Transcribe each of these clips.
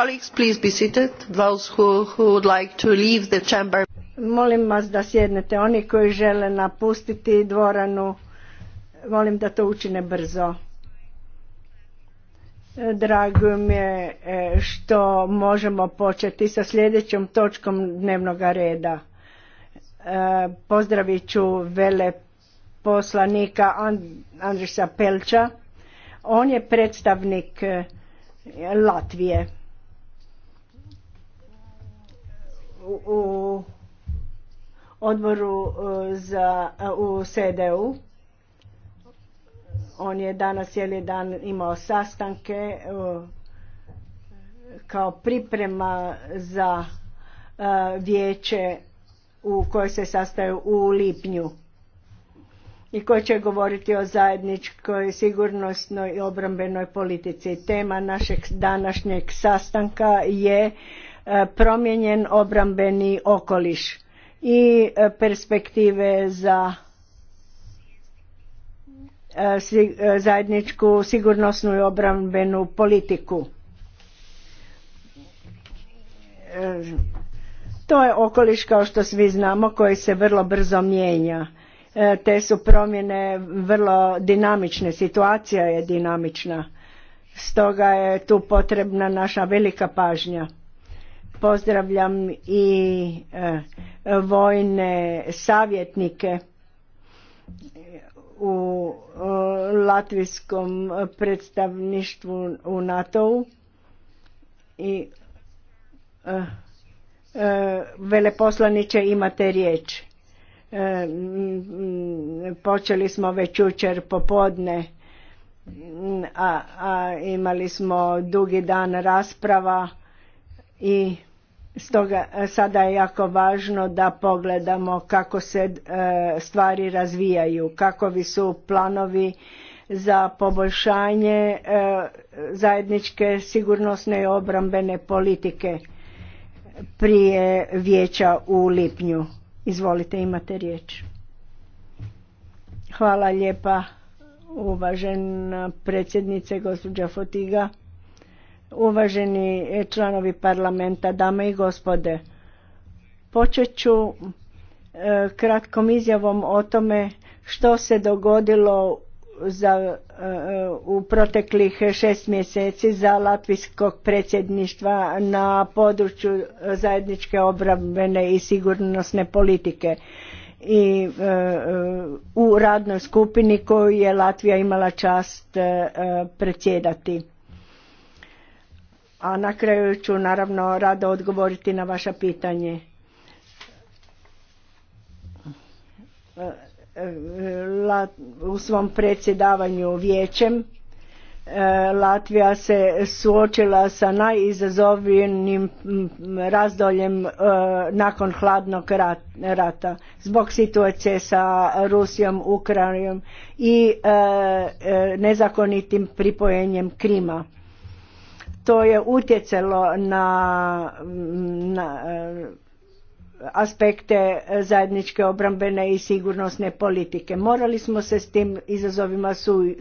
colleagues please molim vas da sjednete oni koji žele napustiti dvoranu molim da to učine brzo drago mi je e, što možemo početi sa sljedećom točkom dnevnog reda e, pozdravit ću veleposlanika Andrisa Pelča on je predstavnik e, Latvije u odboru e, za, e, u SEDEU. On je danas cijeli dan imao sastanke e, kao priprema za vijeće u koje se sastaju u lipnju i koje će govoriti o zajedničkoj sigurnosnoj i obrambenoj politici. Tema našeg današnjeg sastanka je E, promijenjen obrambeni okoliš i e, perspektive za e, zajedničku sigurnosnu i obrambenu politiku. To je okoliš kao što svi znamo koji se vrlo brzo mijenja. Te su promjene vrlo dinamične, situacija je dinamična. Stoga je tu potrebna naša velika pažnja. Pozdravljam i e, vojne savjetnike u e, latvijskom predstavništvu u NATO-u i e, veleposlaniče imate riječ. Počeli smo već jučer popodne a imali smo dugi dan rasprava i Stoga e, sada je jako važno da pogledamo kako se e, stvari razvijaju, kakovi su planovi za poboljšanje e, zajedničke sigurnosne i obrambene politike prije vijeća u lipnju. Izvolite, imate riječ. Hvala lijepa uvažena predsjednice gospođa Fotiga uvaženi e, članovi parlamenta, dame i gospode. Počet ću e, kratkom izjavom o tome što se dogodilo za, e, u proteklih šest mjeseci za latvijskog predsjedništva na području zajedničke obrambene i sigurnosne politike i u radnoj skupini koju je Latvija imala čast predsjedati. A na kraju ću naravno rado odgovoriti na vaša pitanje. U svom predsjedavanju vijećem e, Latvija se suočila sa najizazovnijim razdoljem e, nakon hladnog rata zbog situacije sa Rusijom, Ukrajinom i e, nezakonitim pripojenjem Krima to je utjecalo na, na eh, aspekte zajedničke obrambene i sigurnosne politike. Morali smo se s tim izazovima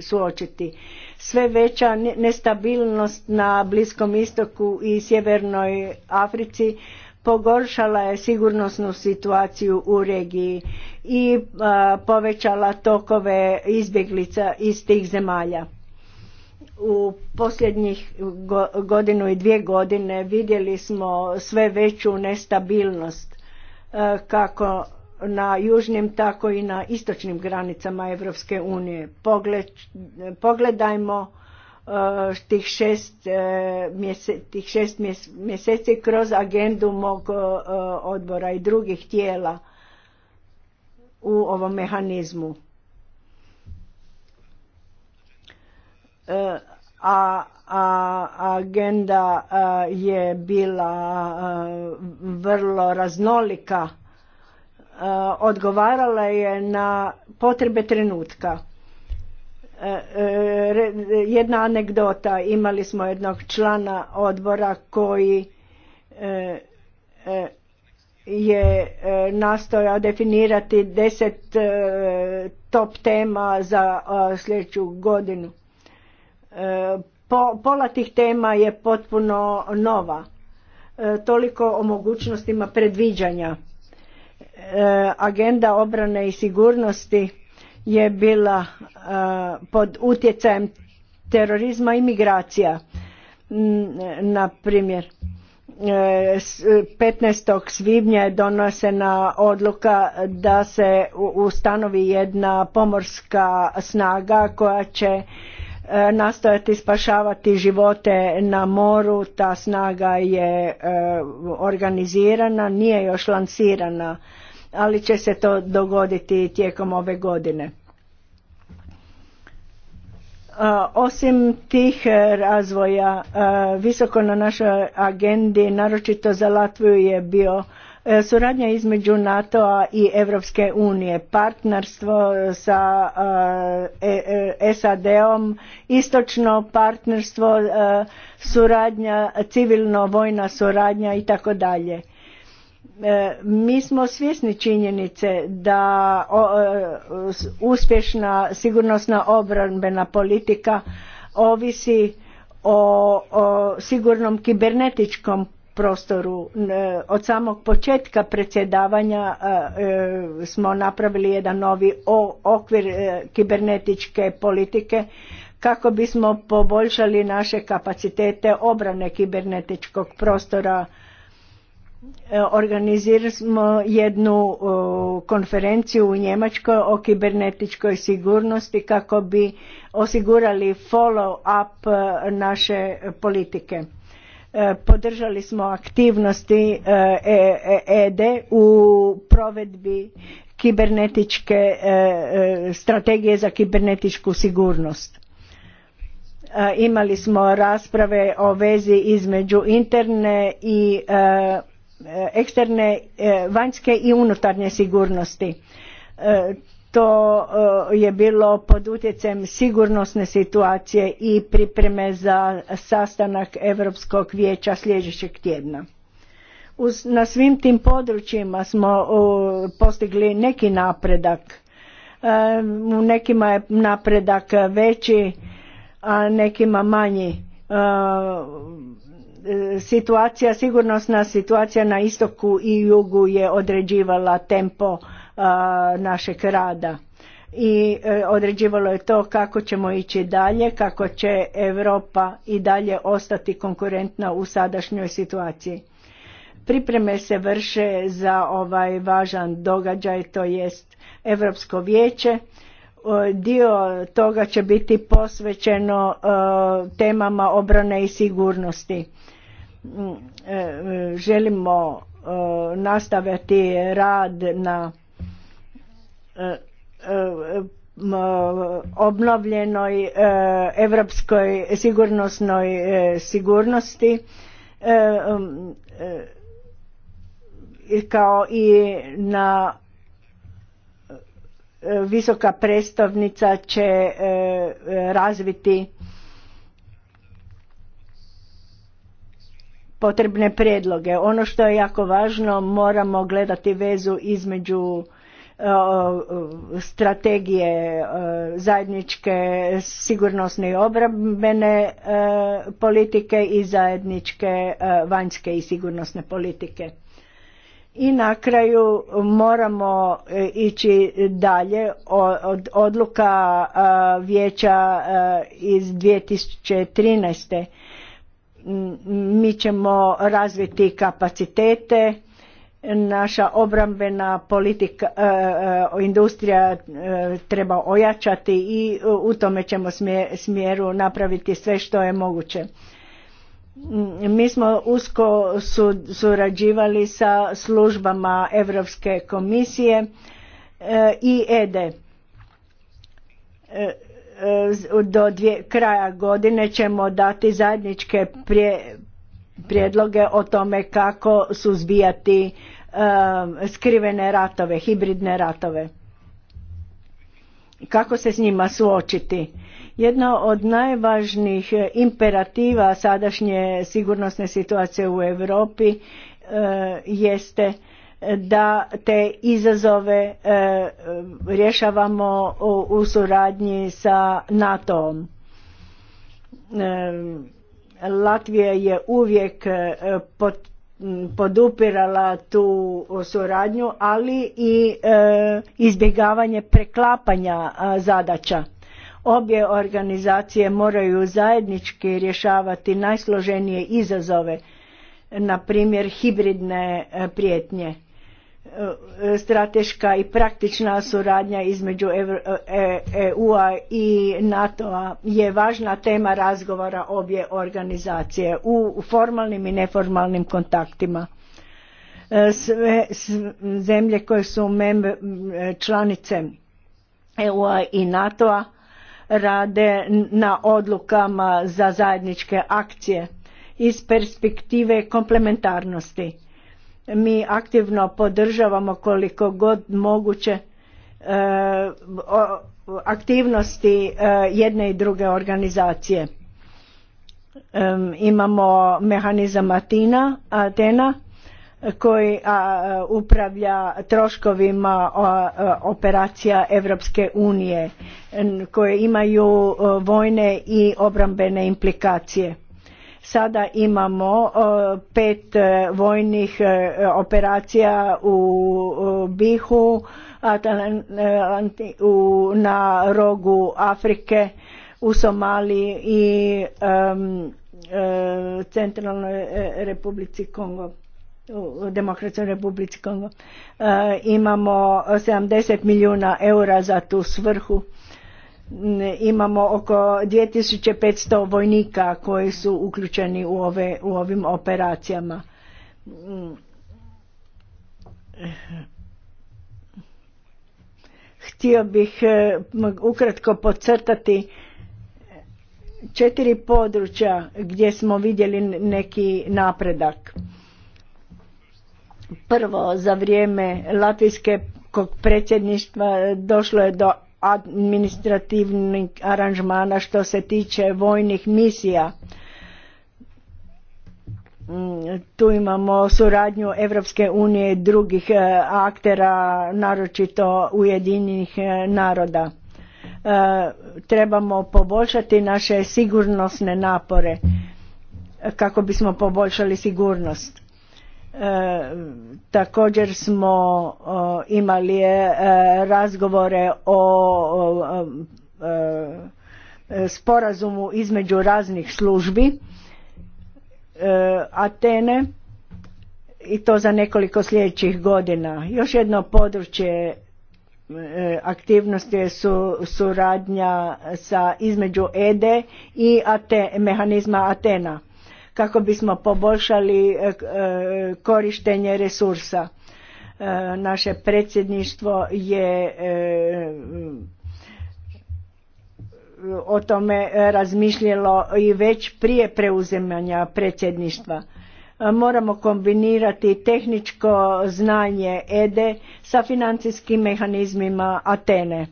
suočiti. Sve veća nestabilnost na Bliskom istoku i Sjevernoj Africi pogoršala je sigurnosnu situaciju u regiji i eh, povećala tokove izbjeglica iz tih zemalja u posljednjih godinu i dvije godine vidjeli smo sve veću nestabilnost e, kako na južnim tako i na istočnim granicama Europske unije. Pogledajmo e, tih šest, e, tih šest mjeseci kroz agendu mog odbora i drugih tijela u ovom mehanizmu. a, a agenda je bila vrlo raznolika odgovarala je na potrebe trenutka e, jedna anegdota imali smo jednog člana odbora koji e, e, je nastojao definirati deset top tema za sljedeću godinu E, po, pola tih tema je potpuno nova. E, toliko o mogućnostima predviđanja. E, agenda obrane i sigurnosti je bila pod utjecajem terorizma i migracija. Mm, na primjer, 15. svibnja je donosena odluka da se ustanovi jedna pomorska snaga koja će E, nastojati spašavati živote na moru, ta snaga je e, organizirana, nije još lansirana, ali će se to dogoditi tijekom ove godine. E, osim tih razvoja, visoko na našoj agendi, naročito za Latviju je bio E, suradnja između NATO-a i Europske unije, partnerstvo sa e, e, SAD-om, istočno partnerstvo, suradnja, civilno-vojna suradnja i tako dalje. Mi smo svjesni činjenice da uspješna sigurnosna obranbena politika ovisi o, o sigurnom kibernetičkom prostoru. E, od samog početka predsjedavanja e, e, smo napravili jedan novi okvir kibernetičke politike kako bismo poboljšali naše kapacitete obrane kibernetičkog prostora. Organizirali smo jednu konferenciju u Njemačkoj o kibernetičkoj sigurnosti kako bi osigurali follow up naše politike. E, podržali smo aktivnosti EDE e, e, u provedbi kibernetičke strategije za kibernetičku sigurnost. Imali smo rasprave o vezi između interne i eksterne vanjske i unutarnje sigurnosti to e, je bilo pod utjecajem sigurnosne situacije i pripreme za sastanak Europskog vijeća sljedećeg tjedna. na svim tim područjima smo e, postigli neki napredak. E, u nekima je napredak veći, a nekima manji. situacija, sigurnosna situacija na istoku i jugu je određivala tempo našeg rada i e, određivalo je to kako ćemo ići dalje, kako će Europa i dalje ostati konkurentna u sadašnjoj situaciji. Pripreme se vrše za ovaj važan događaj, to jest Europsko vijeće. E, dio toga će biti posvećeno e, temama obrane i sigurnosti. Želimo nastaviti rad na E, e, e, obnovljenoj europskoj sigurnosnoj sigurnosti kao i na visoka predstavnica će razviti potrebne prijedloge. Ono što je jako važno, moramo gledati vezu između strategije e, zajedničke sigurnosne i obrambene e, politike i zajedničke e, vanjske i sigurnosne politike. I na kraju moramo ići dalje od odluka vijeća iz 2013. Mi ćemo razviti kapacitete naša obrambena politika, e, e, industrija e, treba ojačati i u tome ćemo smjeru napraviti sve što je moguće. Mm, mi smo usko surađivali sa službama Europske komisije i EDE. Do dvije, kraja godine ćemo dati zajedničke prije prijedloge o tome kako suzbijati e, skrivene ratove, hibridne ratove. Kako se s njima suočiti? Jedna od najvažnijih imperativa sadašnje sigurnosne situacije u Europi e, jeste da te izazove e, rješavamo u suradnji sa NATO-om Latvija je uvijek e, podupirala tu suradnju, ali i e, izbjegavanje preklapanja zadaća. Obje organizacije moraju zajednički rješavati najsloženije izazove, na primjer hibridne e, prijetnje E, strateška i praktična suradnja između EU-a e, e, i NATO-a je važna tema razgovora obje organizacije u formalnim i neformalnim kontaktima. Sve zemlje koje su članice EU-a i NATO-a rade na odlukama za zajedničke akcije iz perspektive komplementarnosti mi aktivno podržavamo koliko god moguće e, aktivnosti e, jedne i druge organizacije. E, imamo mehanizam Atina, Atena koji upravlja troškovima operacija Europske unije koje imaju vojne i obrambene implikacije Sada imamo e, pet e, vojnih e, operacija u Bihu, na rogu Afrike, u Somaliji i Centralnoj Republici Kongo u Demokratskoj Republici Kongo. Imamo 70 milijuna eura za tu svrhu Imamo oko 2500 vojnika koji su uključeni u, ove, u ovim operacijama. Htio bih e, ukratko podcrtati četiri područja gdje smo vidjeli neki napredak. Prvo, za vrijeme latvijskog predsjedništva došlo je do administrativnih aranžmana što se tiče vojnih misija. Mm, tu imamo suradnju Evropske unije i drugih e, aktera, naročito Ujedinjenih e, naroda. E, trebamo poboljšati naše sigurnosne napore kako bismo poboljšali sigurnost E, također smo imali e, razgovore o e, sporazumu između raznih službi Atene i to za nekoliko sljedećih godina. Još jedno područje aktivnosti su suradnja sa između EDE i mehanizma Atena kako bismo poboljšali e, e, korištenje resursa. E, naše predsjedništvo je o tome razmišljalo i već prije preuzimanja predsjedništva. Moramo kombinirati tehničko znanje EDE sa financijskim mehanizmima Atene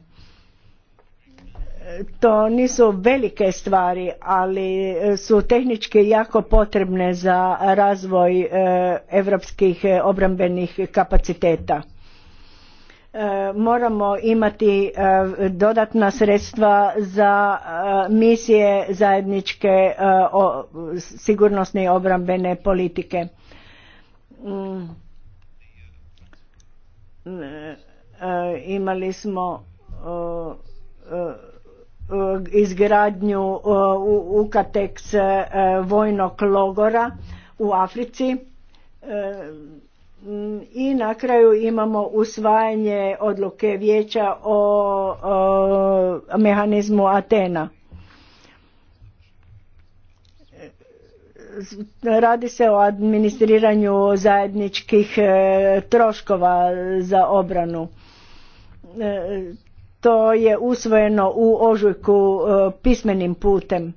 to nisu velike stvari, ali e, su tehnički jako potrebne za razvoj europskih e, obrambenih kapaciteta. E, moramo imati dodatna sredstva za misije zajedničke sigurnosne i obrambene politike mm. imali smo Eh, izgradnju eh, UKATEX eh, vojnog logora u Africi i na kraju imamo usvajanje odluke vijeća o, o mehanizmu Atena. Radi se o administriranju zajedničkih troškova za obranu to je usvojeno u ožujku e, pismenim putem.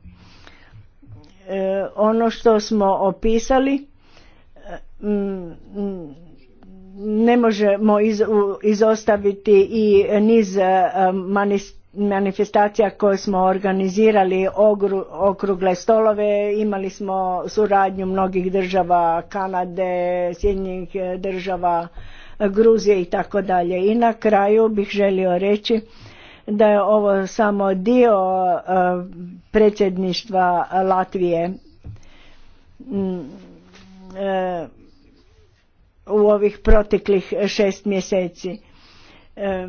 E, ono što smo opisali e, ne možemo izostaviti i niz manifestacija koje smo organizirali, okrugle stolove, imali smo suradnju mnogih država, Kanade, Sjedinjenih država, Gruzije i tako dalje. I na kraju bih želio reći da je ovo samo dio e, predsjedništva Latvije mm, e, u ovih proteklih šest mjeseci. E,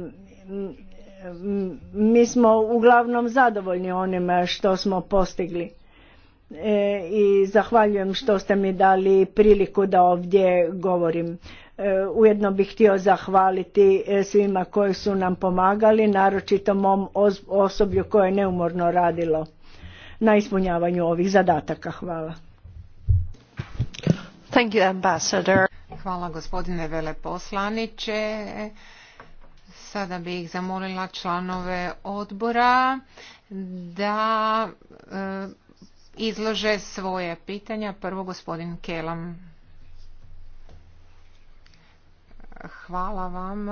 mi smo uglavnom zadovoljni onima što smo postigli i zahvaljujem što ste mi dali priliku da ovdje govorim. E, ujedno bih htio zahvaliti e, svima koji su nam pomagali, naročito mom osoblju koje je neumorno radilo na ispunjavanju ovih zadataka. Hvala. Hvala gospodine veleposlaniče. Sada bih zamolila članove odbora da e, izlože svoje pitanja. Prvo gospodin Kelam. Hvala vam.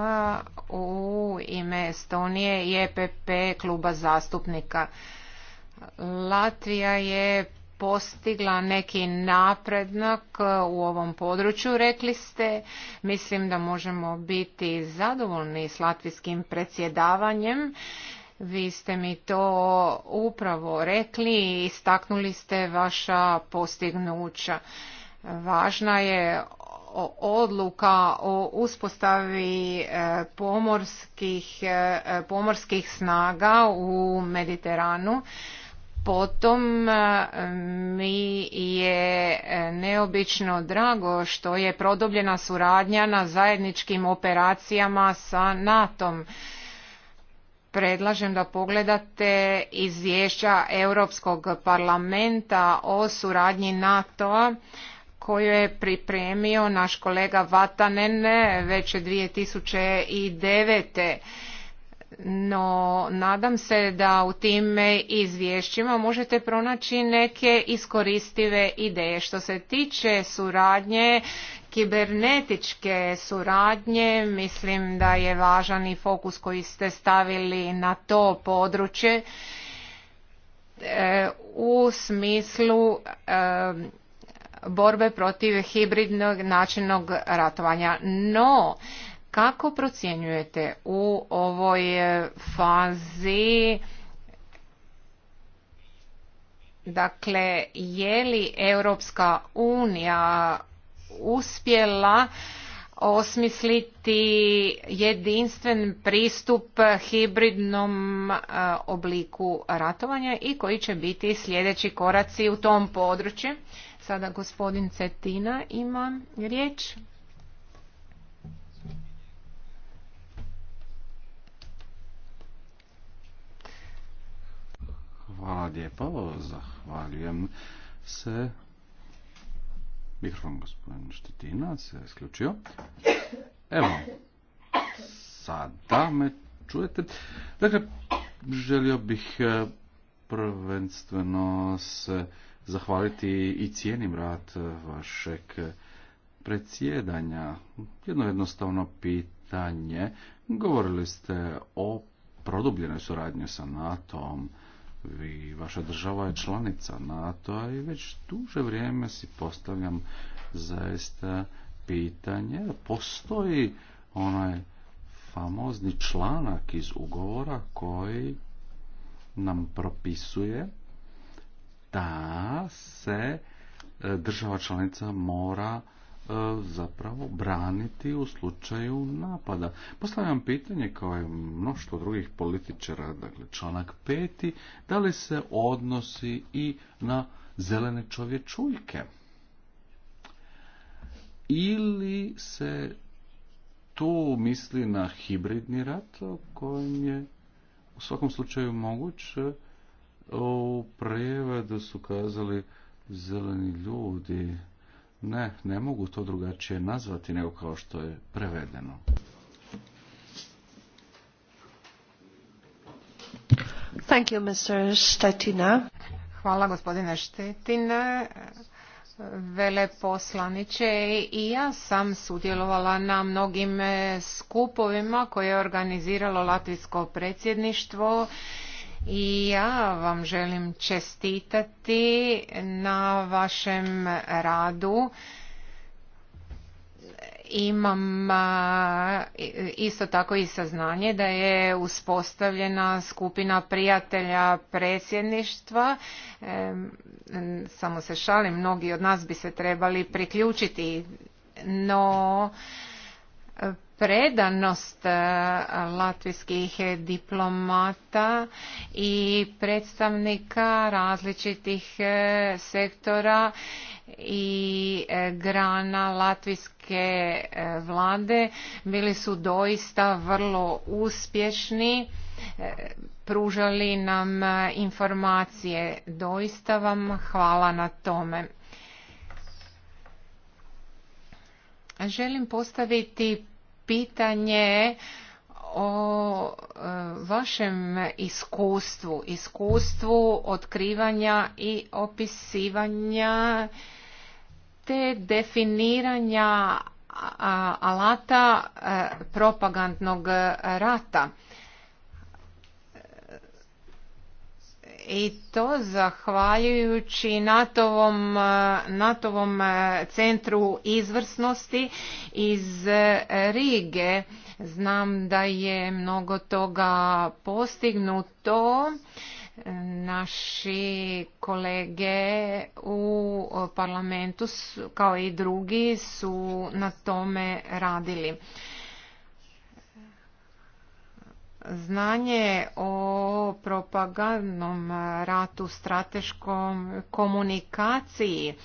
U ime Estonije i EPP kluba zastupnika. Latvija je postigla neki naprednak u ovom području, rekli ste. Mislim da možemo biti zadovoljni s latvijskim predsjedavanjem. Vi ste mi to upravo rekli i istaknuli ste vaša postignuća. Važna je odluka o uspostavi e, pomorskih, e, e, pomorskih snaga u Mediteranu. Potom mi je neobično drago što je produbljena suradnja na zajedničkim operacijama sa NATO-om. Predlažem da pogledate izvješća Europskog parlamenta o suradnji NATO-a koju je pripremio naš kolega Vatanen e, već 2009. No, nadam se da u tim izvješćima možete pronaći neke iskoristive ideje. Što se tiče suradnje, kibernetičke suradnje, mislim da je važan i fokus koji ste stavili na to područje e, u smislu e, borbe protiv hibridnog načinog ratovanja. No, kako procjenjujete u ovoj e, fazi dakle je li Europska unija uspjela osmisliti jedinstven pristup hibridnom e, obliku ratovanja i koji će biti sljedeći koraci u tom području. Sada gospodin Cetina ima riječ. Hvala lijepo, zahvaljujem se. Mikrofon gospodin Štetina se isključio. Evo, sada me čujete. Dakle, želio bih eh, prvenstveno se zahvaliti i cijenim rad e, vašeg predsjedanja. Jedno jednostavno pitanje. Govorili ste o produbljenoj suradnji sa NATO-om. Vi, vaša država je članica NATO-a i već duže vrijeme si postavljam zaista pitanje. Postoji onaj famozni članak iz ugovora koji nam propisuje da se e, država članica mora e, zapravo braniti u slučaju napada. Postavljam pitanje kao i mnoštvo drugih političara, dakle članak peti, da li se odnosi i na zelene čovječuljke? Ili se tu misli na hibridni rat o je u svakom slučaju moguće u prevedu su kazali zeleni ljudi. Ne, ne mogu to drugačije nazvati nego kao što je prevedeno. Thank you, Mr. Hvala gospodine Štetina. poslaniće i ja sam sudjelovala na mnogim skupovima koje je organiziralo Latvijsko predsjedništvo i ja vam želim čestitati na vašem radu imam isto tako i saznanje da je uspostavljena skupina prijatelja predsjedništva. Samo se šalim, mnogi od nas bi se trebali priključiti, no predanost eh, latvijskih diplomata i predstavnika različitih eh, sektora i eh, grana latvijske vlade bili su doista vrlo uspješni pružali nam informacije doista vam hvala na tome želim postaviti pitanje o e, vašem iskustvu, iskustvu otkrivanja i opisivanja te definiranja alata e, propagandnog rata i to zahvaljujući NATO-vom, eh, eh, centru izvrsnosti iz eh, Rige. Znam da je mnogo toga postignuto. Naši kolege u parlamentu kao i drugi su na tome radili znanje o propagandnom ratu, strateškom komunikaciji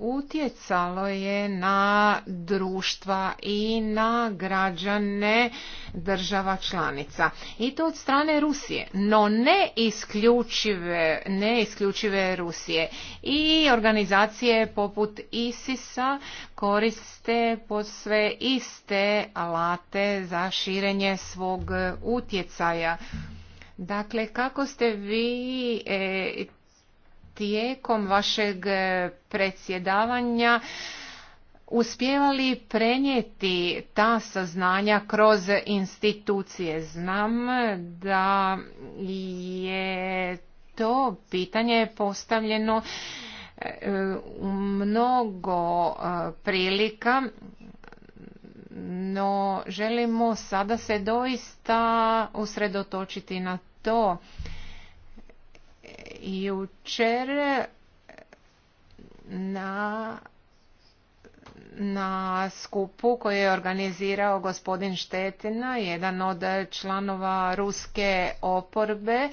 utjecalo je na društva i na građane država članica i to od strane Rusije no ne isključive ne isključive Rusije i organizacije poput ISISA koriste sve iste alate za širenje svog utjecaja Dakle, kako ste vi e, tijekom vašeg e, predsjedavanja uspjevali prenijeti ta saznanja kroz institucije. Znam da je to pitanje postavljeno e, u mnogo e, prilika, no želimo sada se doista usredotočiti na to jučer eh, na na skupu koji je organizirao gospodin Štetina, jedan od članova ruske oporbe,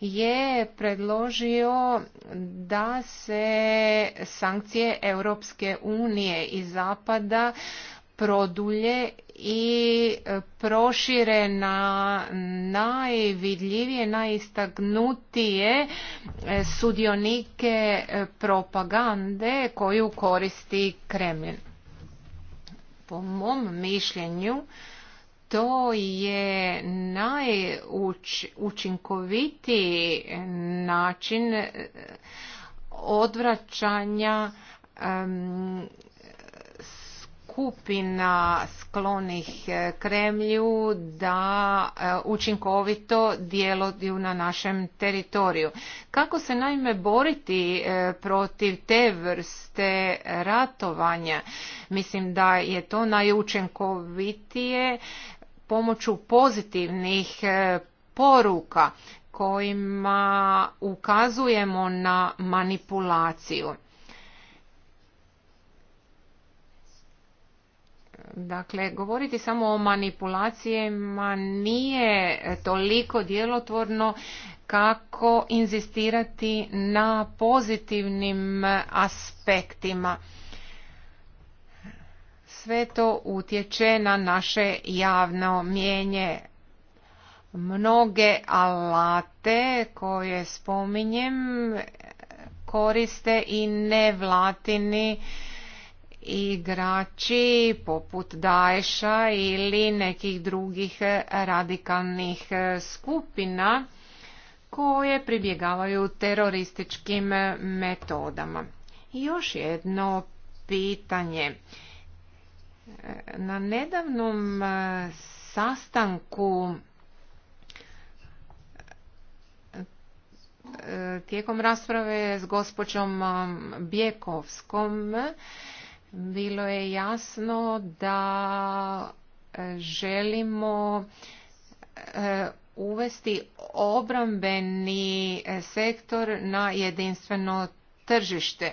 je predložio da se sankcije Europske unije i Zapada produlje i e, prošire na najvidljivije, najistagnutije e, sudionike e, propagande koju koristi Kremlin. Po mom mišljenju, to je najučinkovitiji način odvraćanja skupina sklonih e, Kremlju da e, učinkovito djeluju na našem teritoriju. Kako se naime boriti e, protiv te vrste ratovanja? Mislim da je to najučinkovitije pomoću pozitivnih poruka kojima ukazujemo na manipulaciju Dakle, govoriti samo o manipulacijama nije toliko djelotvorno kako inzistirati na pozitivnim aspektima. Sve to utječe na naše javno mijenje Mnoge alate koje spominjem koriste i nevlatini igrači poput Daesha ili nekih drugih radikalnih skupina koje pribjegavaju terorističkim metodama. I još jedno pitanje. Na nedavnom sastanku tijekom rasprave s gospođom Bjekovskom bilo je jasno da e, želimo e, uvesti obrambeni e, sektor na jedinstveno tržište.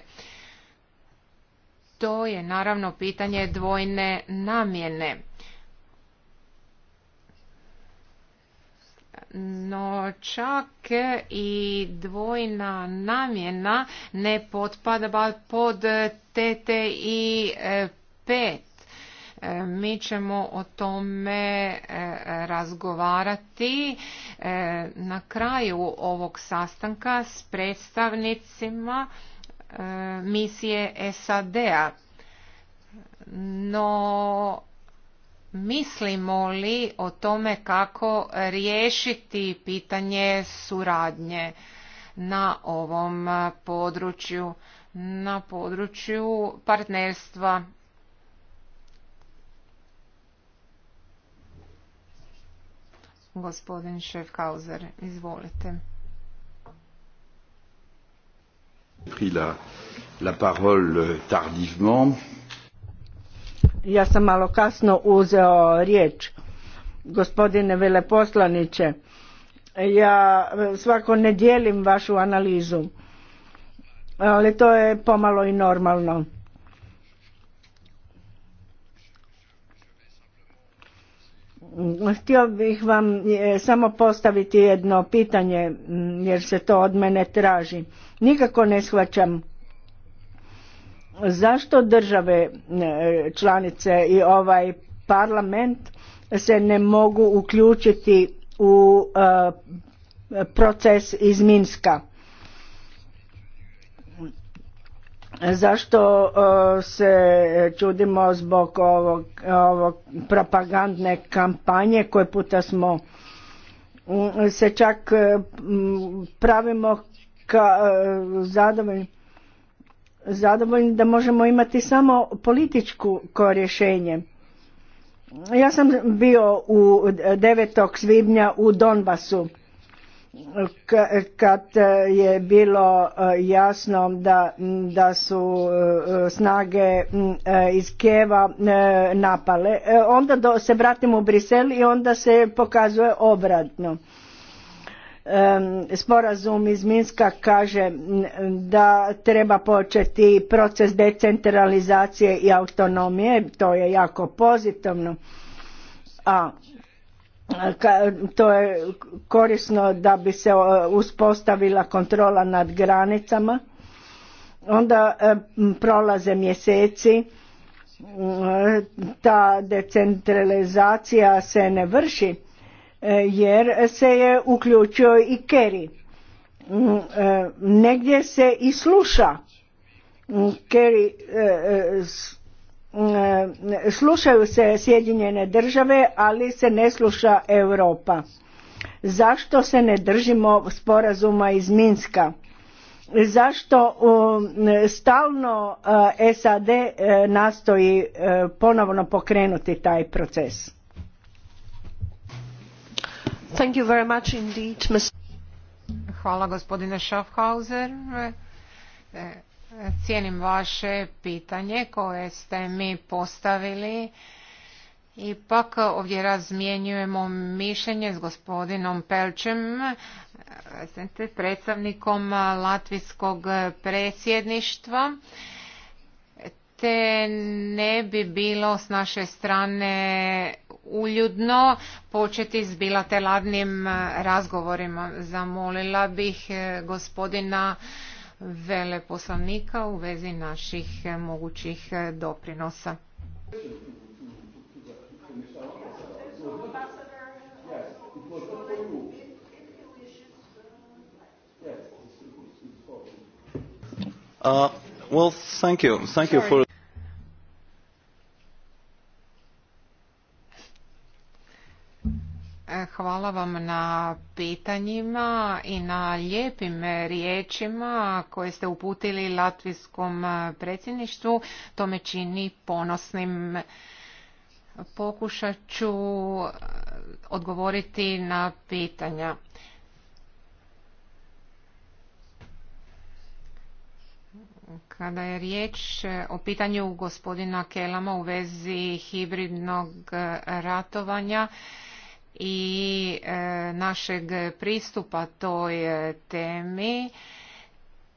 To je naravno pitanje dvojne namjene. no čak i dvojna namjena ne potpada pod TTIP. E, e, mi ćemo o tome e, razgovarati na kraju ovog sastanka s predstavnicima misije SAD-a. No, Mislimo li o tome kako riješiti pitanje suradnje na ovom području, na području partnerstva? Gospodin Šefkauzer, izvolite. Pri la, la parole tardivement ja sam malo kasno uzeo riječ. Gospodine veleposlaniče, ja e, svako ne dijelim vašu analizu, ali to je pomalo i normalno. Htio bih vam e, samo postaviti jedno pitanje jer se to od mene traži. Nikako ne shvaćam zašto države e, članice i ovaj parlament se ne mogu uključiti u e, proces iz Minska? zašto e, se čudimo zbog ovog, propagandne kampanje koje puta smo se čak pravimo ka, zadovoljni zadovoljni da možemo imati samo političku rješenje. Ja sam bio u 9. svibnja u Donbasu kad je bilo e, jasno da, da su e, snage e, iz Kijeva napale. Onda se vratimo u Brisel i onda se pokazuje obratno sporazum iz Minska kaže da treba početi proces decentralizacije i autonomije, to je jako pozitivno, a to je korisno da bi se uspostavila kontrola nad granicama, onda prolaze mjeseci, ta decentralizacija se ne vrši E, jer se je uključio i Kerry. Mm, e, negdje se i sluša. Mm, Kerry e, mm, slušaju se Sjedinjene države, ali se ne sluša Europa. Zašto se ne držimo sporazuma iz Minska? Zašto stalno SAD nastoji ponovno pokrenuti taj proces? Hvala gospodine Schaffhauser. E, cijenim vaše pitanje koje ste mi postavili. Ipak ovdje razmjenjujemo mišljenje s gospodinom Pelčem, e, predstavnikom Latvijskog predsjedništva te ne bi bilo s naše strane uljudno početi s bilateralnim e, razgovorima. Zamolila bih e, gospodina veleposlanika u vezi naših e, mogućih doprinosa. Uh, well, thank you. Thank you for... E, hvala vam na pitanjima i na lijepim riječima koje ste uputili latvijskom e, predsjedništvu. To me čini ponosnim. Pokušat ću e, odgovoriti na pitanja. Kada je riječ o pitanju gospodina Kelama u vezi hibridnog ratovanja, i e, našeg pristupa toj e, temi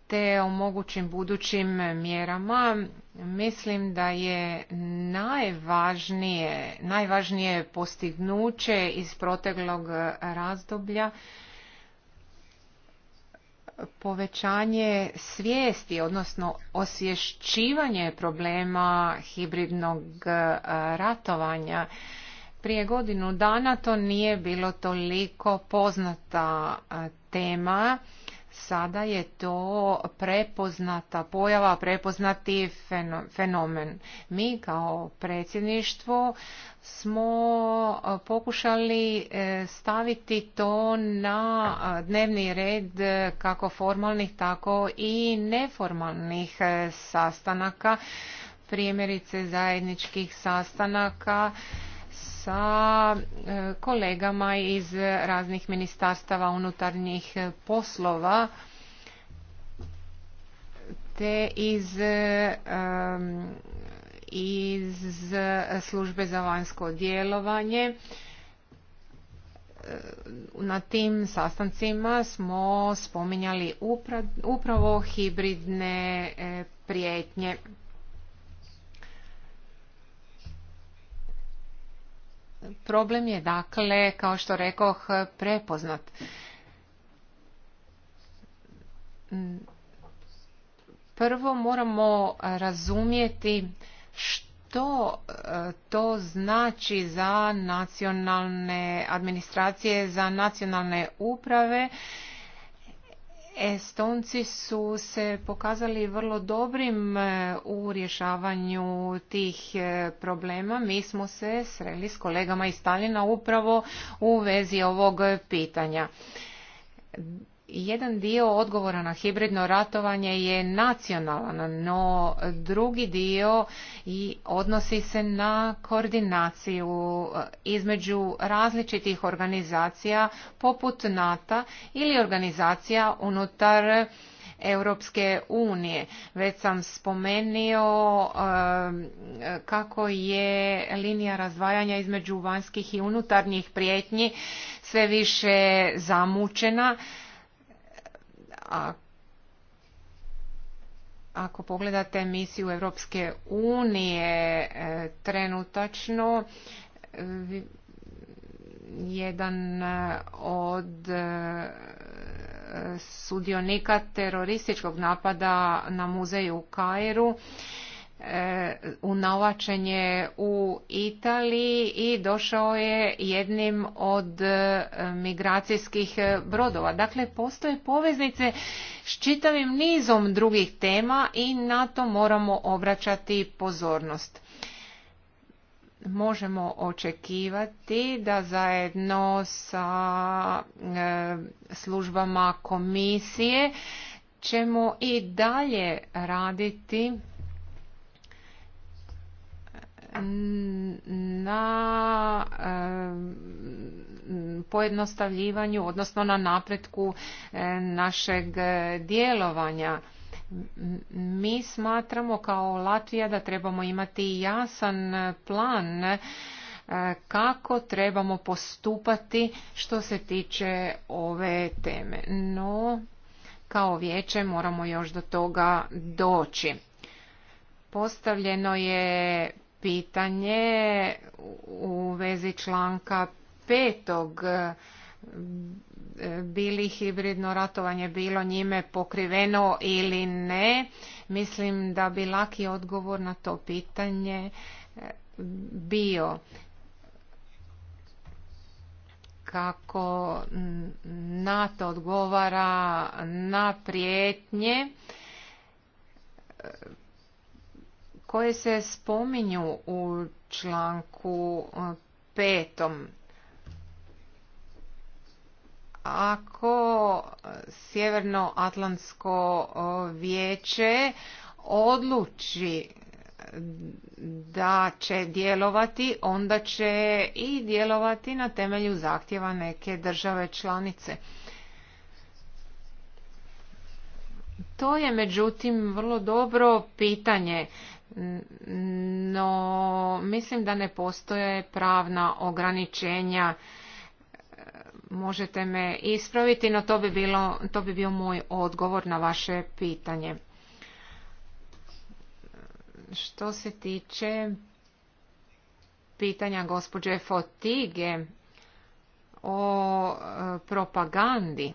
te o mogućim budućim mjerama mislim da je najvažnije najvažnije postignuće iz proteklog razdoblja povećanje svijesti odnosno osvješćivanje problema hibridnog e, ratovanja prije godinu dana to nije bilo toliko poznata e, tema. Sada je to prepoznata pojava, prepoznati fenomen. Mi kao predsjedništvo smo e, pokušali e, staviti to na dnevni red kako formalnih, tako i neformalnih sastanaka, primjerice zajedničkih sastanaka sa e, kolegama iz raznih ministarstava unutarnjih poslova te iz e, iz službe za vanjsko djelovanje e, na tim sastancima smo spominjali upravo hibridne prijetnje Problem je dakle, kao što rekoh, prepoznat. Prvo moramo razumjeti što e, to znači za nacionalne administracije, za nacionalne uprave Estonci su se pokazali vrlo dobrim e, u rješavanju tih e, problema. Mi smo se sreli s kolegama iz Stalina upravo u vezi ovog pitanja jedan dio odgovora na hibridno ratovanje je nacionalan, no drugi dio i odnosi se na koordinaciju e, između različitih organizacija poput NATO ili organizacija unutar Europske unije. Već sam spomenuo e, kako je linija razdvajanja između vanjskih i unutarnjih prijetnji sve više zamučena a ako pogledate misiju Europske unije e, trenutačno jedan e, od e, sudionika terorističkog napada na muzeju u Kairu E, u je u Italiji i došao je jednim od e, migracijskih e, brodova. Dakle, postoje poveznice s čitavim nizom drugih tema i na to moramo obraćati pozornost. Možemo očekivati da zajedno sa službama komisije ćemo i dalje raditi na pojednostavljivanju, odnosno na napretku e, našeg djelovanja. Mi smatramo kao Latvija da trebamo imati jasan plan e, kako trebamo postupati što se tiče ove teme. No, kao vijeće moramo još do toga doći. Postavljeno je pitanje u vezi članka petog bili hibridno ratovanje bilo njime pokriveno ili ne mislim da bi laki odgovor na to pitanje eh, bio kako NATO odgovara na prijetnje koje se spominju u članku e, petom. Ako Sjevernoatlantsko e, vijeće odluči da će djelovati, onda će i djelovati na temelju zahtjeva neke države članice. To je međutim vrlo dobro pitanje no mislim da ne postoje pravna ograničenja možete me ispraviti no to bi, bilo, to bi bio moj odgovor na vaše pitanje što se tiče pitanja gospođe Fotige o e, propagandi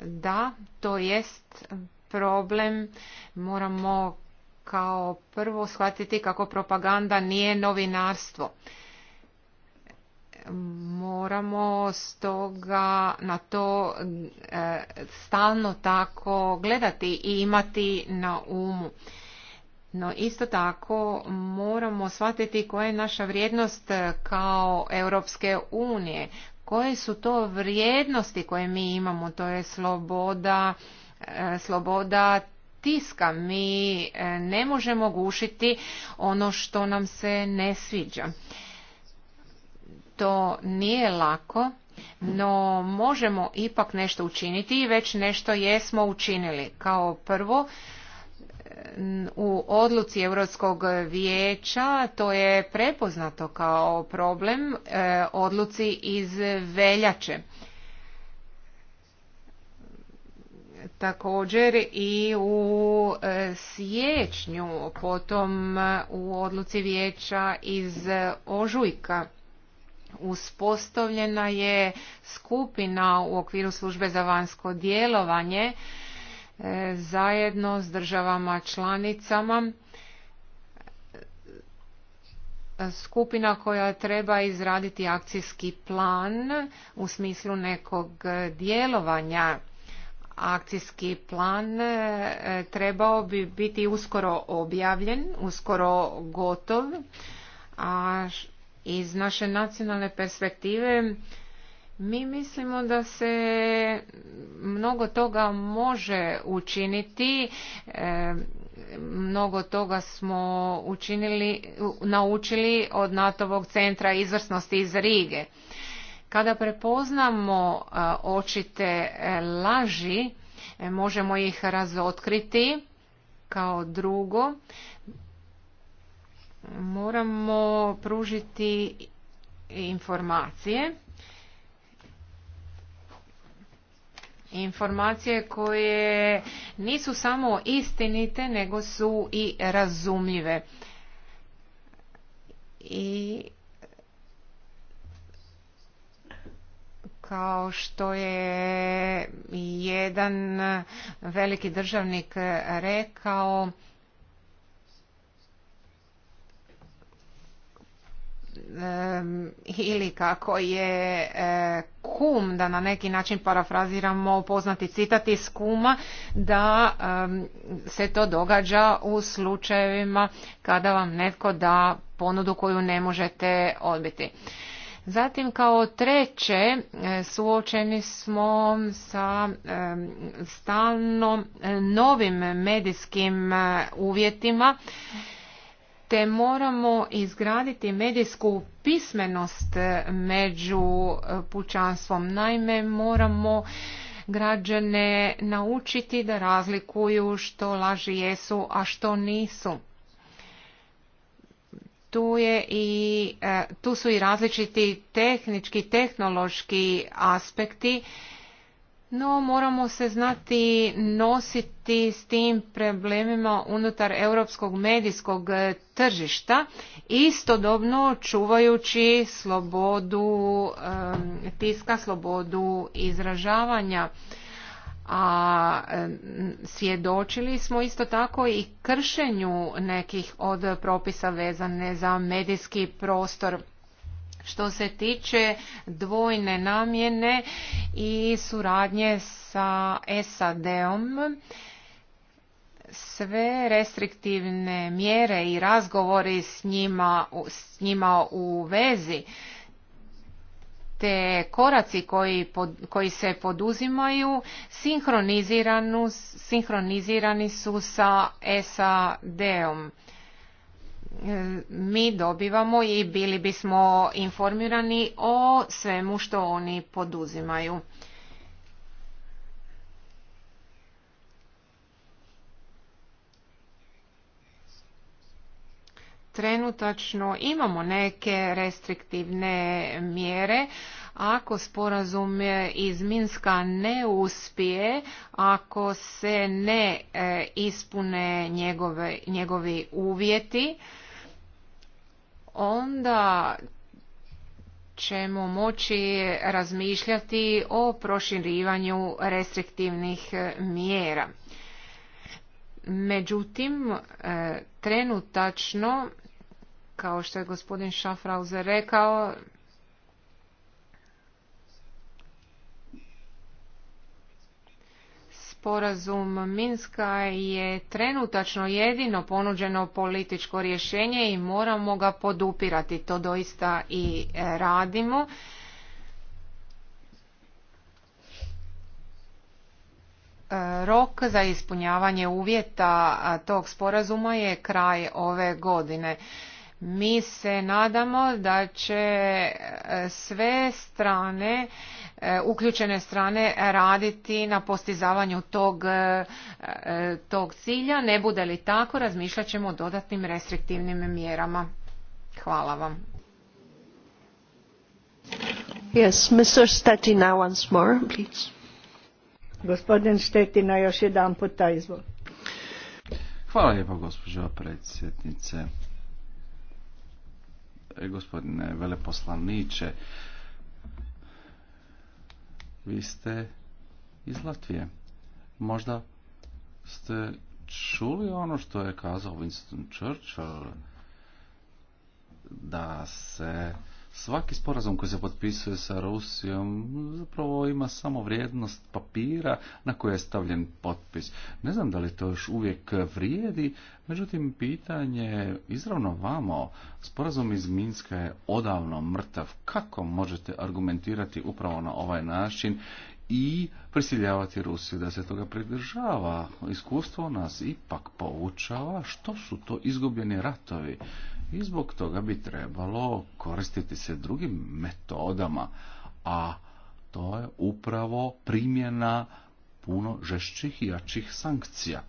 da to jest problem. Moramo kao prvo shvatiti kako propaganda nije novinarstvo. Moramo stoga na to e, stalno tako gledati i imati na umu. No isto tako moramo shvatiti koja je naša vrijednost kao Europske unije. Koje su to vrijednosti koje mi imamo? To je sloboda, E, sloboda tiska. Mi e, ne možemo gušiti ono što nam se ne sviđa. To nije lako, no možemo ipak nešto učiniti i već nešto jesmo učinili. Kao prvo, e, u odluci Europskog vijeća to je prepoznato kao problem odluci iz veljače. također i u e, siječnju, potom e, u odluci vijeća iz e, ožujka uspostavljena je skupina u okviru službe za vanjsko djelovanje zajedno s državama članicama skupina koja treba izraditi akcijski plan u smislu nekog djelovanja akcijski plan e, trebao bi biti uskoro objavljen, uskoro gotov, a iz naše nacionalne perspektive mi mislimo da se mnogo toga može učiniti, e, mnogo toga smo učinili, naučili od NATO-vog centra izvrsnosti iz Rige. Kada prepoznamo e, očite e, laži, e, možemo ih razotkriti kao drugo. Moramo pružiti informacije. Informacije koje nisu samo istinite, nego su i razumljive. I kao što je jedan veliki državnik rekao ili kako je eh, kum da na neki način parafraziramo poznati citat iz kuma da se to događa u slučajevima kada vam netko da ponudu koju ne možete odbiti Zatim kao treće e, suočeni smo sa e, stalno e, novim medijskim uvjetima te moramo izgraditi medijsku pismenost među pučanstvom. Naime, moramo građane naučiti da razlikuju što laži jesu, a što nisu tu, je i, e, tu su i različiti tehnički, tehnološki aspekti, no moramo se znati nositi s tim problemima unutar europskog medijskog tržišta, istodobno čuvajući slobodu e, tiska, slobodu izražavanja a svjedočili smo isto tako i kršenju nekih od propisa vezane za medijski prostor što se tiče dvojne namjene i suradnje sa SAD-om sve restriktivne mjere i razgovori s njima, s njima u vezi te koraci koji, koji se poduzimaju sinhronizirani su sa SAD-om. E, mi dobivamo i bili bismo informirani o svemu što oni poduzimaju. trenutačno imamo neke restriktivne mjere. Ako sporazum iz Minska ne uspije, ako se ne e, ispune njegove, njegovi uvjeti, onda ćemo moći razmišljati o proširivanju restriktivnih e, mjera. Međutim, e, trenutačno kao što je gospodin Schaffhauser rekao, sporazum Minska je trenutačno jedino ponuđeno političko rješenje i moramo ga podupirati. To doista i radimo. Rok za ispunjavanje uvjeta tog sporazuma je kraj ove godine. Mi se nadamo da će e, sve strane, e, uključene strane raditi na postizavanju tog, e, tog cilja. Ne bude li tako, razmišljat ćemo o dodatnim restriktivnim mjerama. Hvala vam. Yes, Mr. Stetina once more, please. Gospodin još jedan puta Hvala lijepo gospođo predsjednice. E, gospodine veleposlaniče, vi ste iz Latvije. Možda ste čuli ono što je kazao Winston Churchill da se Svaki sporazum koji se potpisuje sa Rusijom zapravo ima samo vrijednost papira na koje je stavljen potpis. Ne znam da li to još uvijek vrijedi, međutim pitanje izravno vamo, sporazum iz Minska je odavno mrtav. Kako možete argumentirati upravo na ovaj način i prisiljavati Rusiju da se toga pridržava. Iskustvo nas ipak poučava što su to izgubljeni ratovi i zbog toga bi trebalo koristiti se drugim metodama, a to je upravo primjena puno žešćih i jačih sankcija.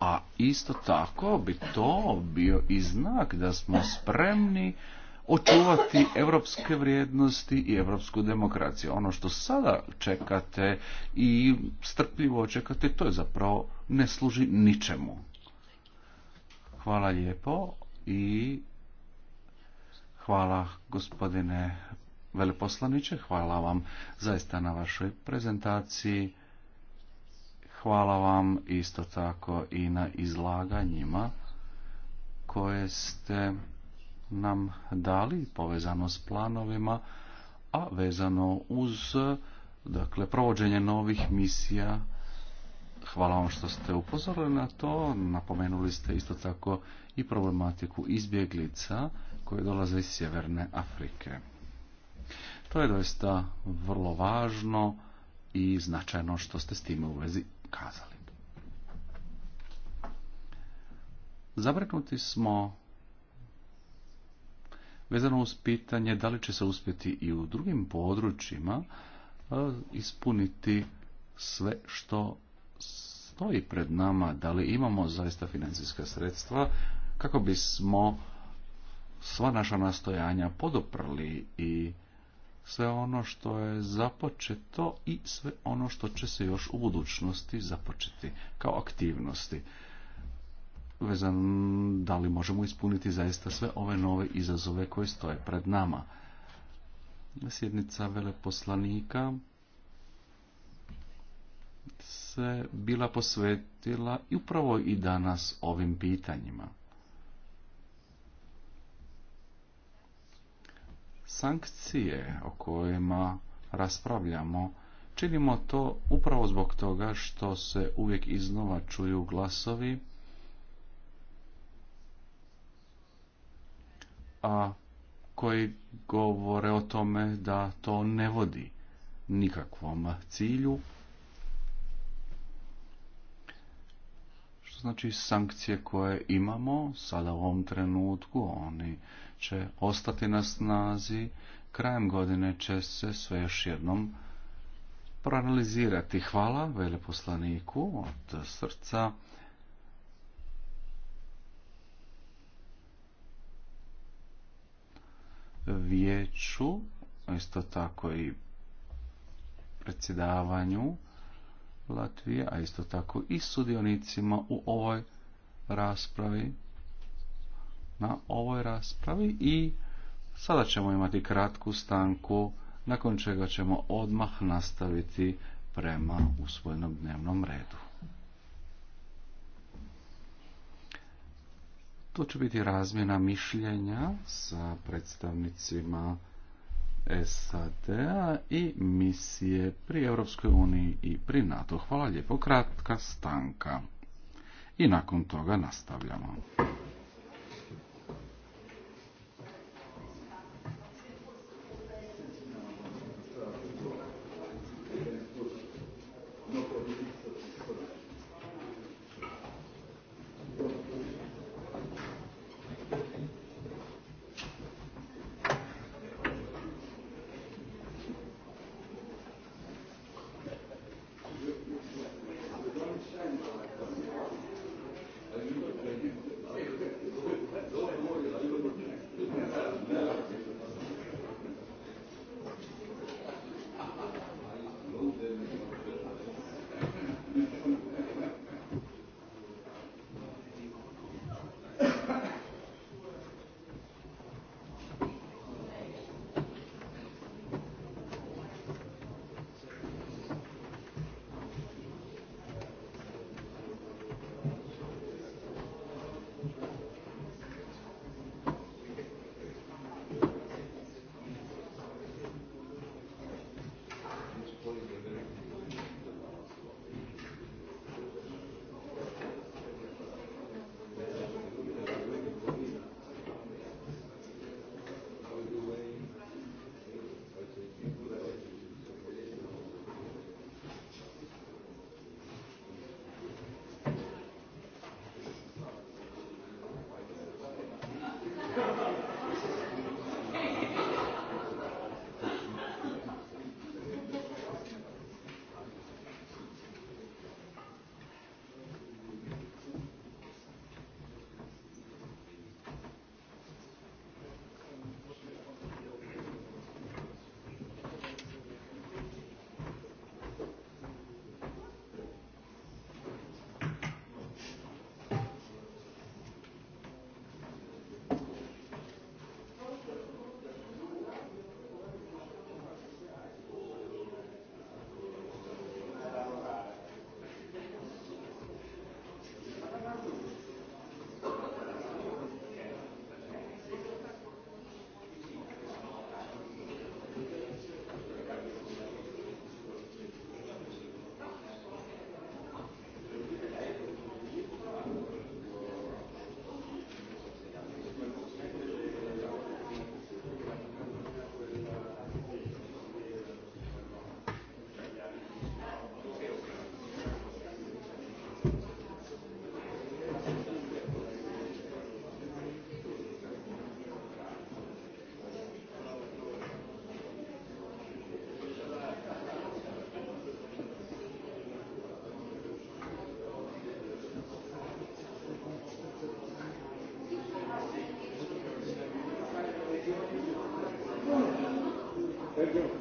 A isto tako bi to bio i znak da smo spremni očuvati evropske vrijednosti i evropsku demokraciju. Ono što sada čekate i strpljivo čekate, to je zapravo ne služi ničemu. Hvala lijepo i hvala gospodine veleposlaniče, hvala vam zaista na vašoj prezentaciji. Hvala vam isto tako i na izlaganjima koje ste nam dali povezano s planovima, a vezano uz dakle, provođenje novih misija Hvala vam što ste upozorili na to. Napomenuli ste isto tako i problematiku izbjeglica koje dolaze iz Sjeverne Afrike. To je doista vrlo važno i značajno što ste s time u vezi kazali. Zabrinuti smo vezano uz pitanje da li će se uspjeti i u drugim područjima e, ispuniti sve što stoji pred nama, da li imamo zaista financijska sredstva kako bismo sva naša nastojanja poduprli i sve ono što je započeto i sve ono što će se još u budućnosti započeti kao aktivnosti. Vezan da li možemo ispuniti zaista sve ove nove izazove koje stoje pred nama. Sjednica veleposlanika se bila posvetila i upravo i danas ovim pitanjima. Sankcije o kojima raspravljamo činimo to upravo zbog toga što se uvijek iznova čuju glasovi a koji govore o tome da to ne vodi nikakvom cilju znači sankcije koje imamo sada u ovom trenutku, oni će ostati na snazi, krajem godine će se sve još jednom proanalizirati. Hvala veleposlaniku od srca. Vijeću, isto tako i predsjedavanju. Latvije, a isto tako i sudionicima u ovoj raspravi, na ovoj raspravi i sada ćemo imati kratku stanku, nakon čega ćemo odmah nastaviti prema usvojenom dnevnom redu. To će biti razmjena mišljenja sa predstavnicima SAD-a i misije pri Europskoj uniji i pri NATO. Hvala lijepo, kratka stanka. I nakon toga nastavljamo. Thank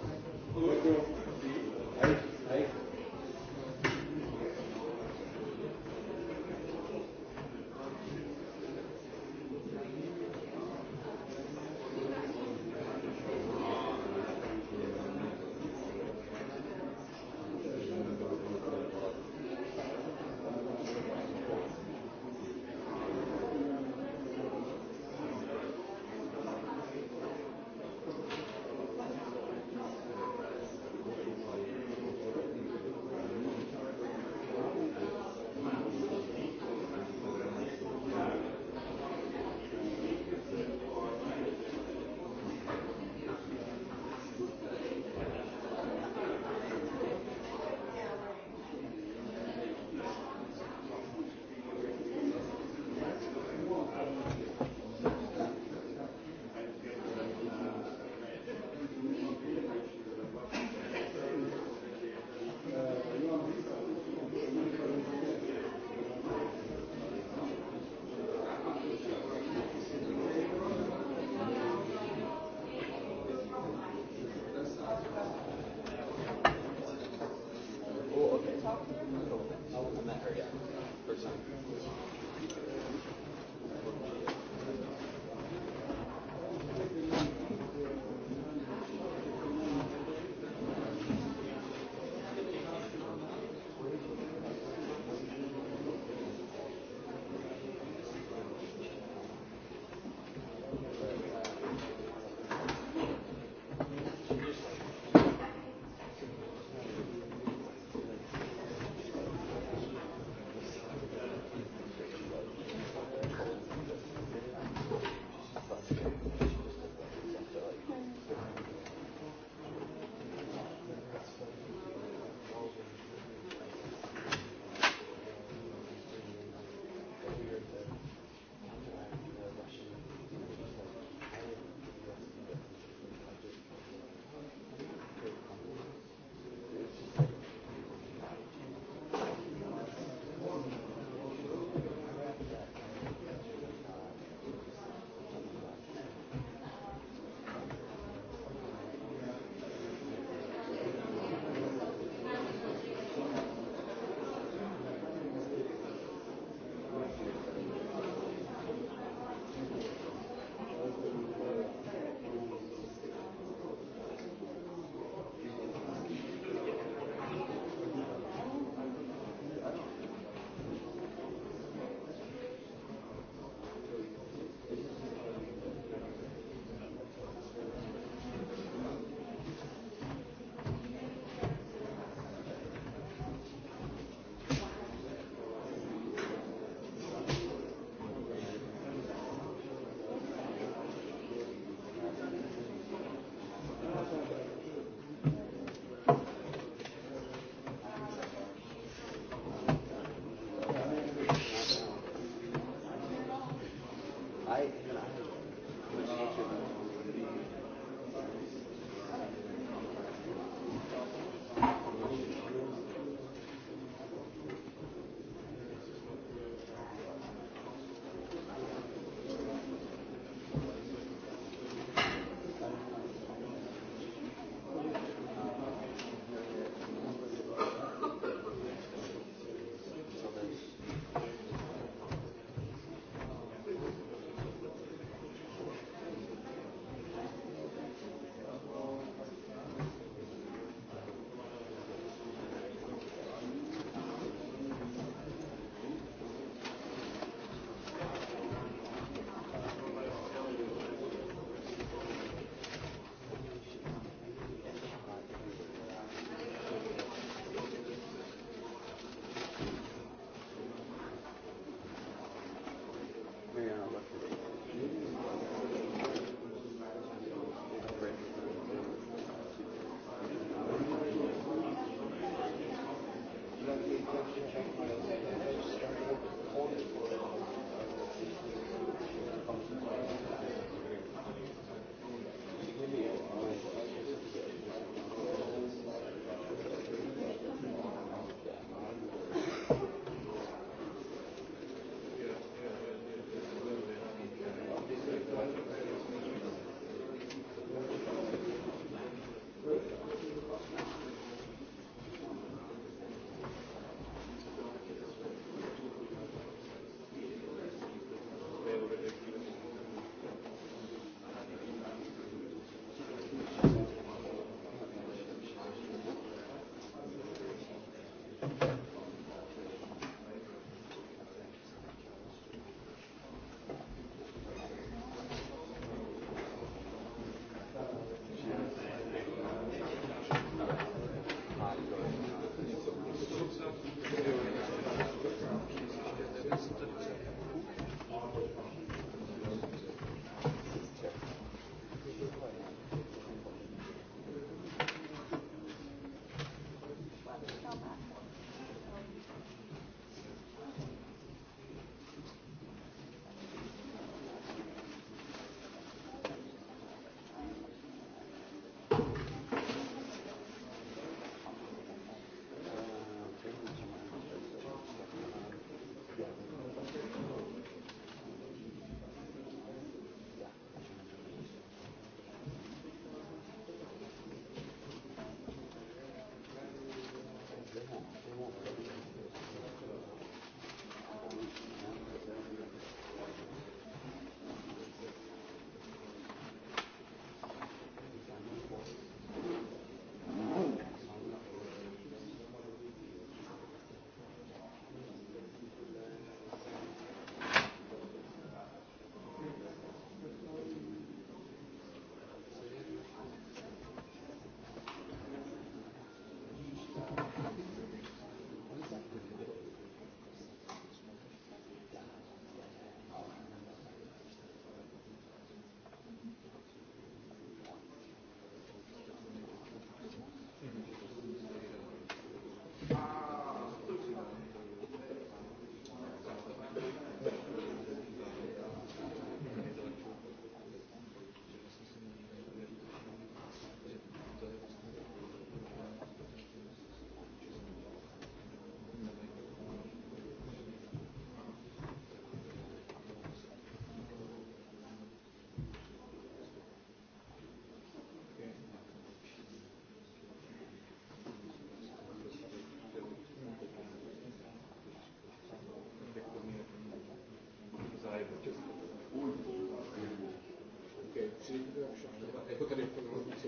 Ecco che to,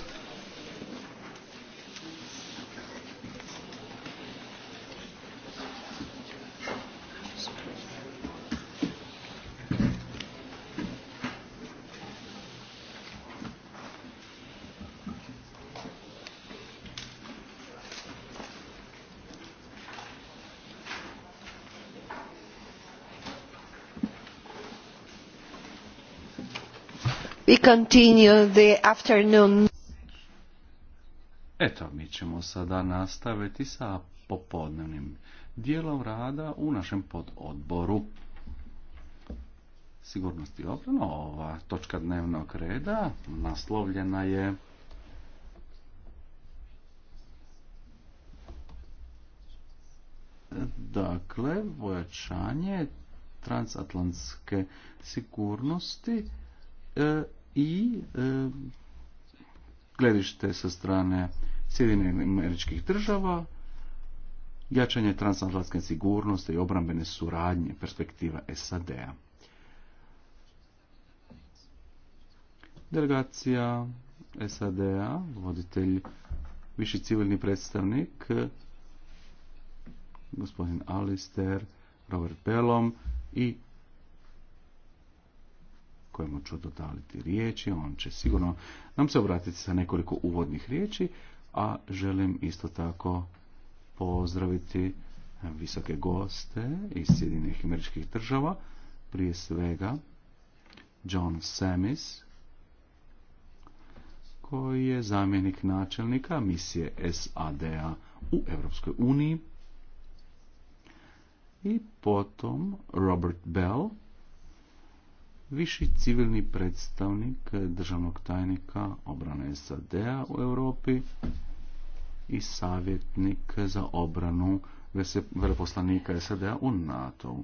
We continue Eto, mi ćemo sada nastaviti sa popodnevnim dijelom rada u našem pododboru sigurnosti obrano. Ova točka dnevnog reda naslovljena je Dakle, pojačanje transatlantske sigurnosti e, i e, gledište sa strane Sjedinjenih američkih država, jačanje transatlantske sigurnosti i obrambene suradnje, perspektiva SAD-a. Delegacija SAD-a, voditelj, viši civilni predstavnik, gospodin Alister, Robert Pelom i očekujemo ću daliti riječi, on će sigurno nam se obratiti sa nekoliko uvodnih riječi, a želim isto tako pozdraviti visoke goste iz Sjedinih američkih država, prije svega John Samis, koji je zamjenik načelnika misije SAD-a u Europskoj uniji, i potom Robert Bell, viši civilni predstavnik državnog tajnika obrane SAD-a u Europi i savjetnik za obranu veleposlanika SAD-a u NATO-u.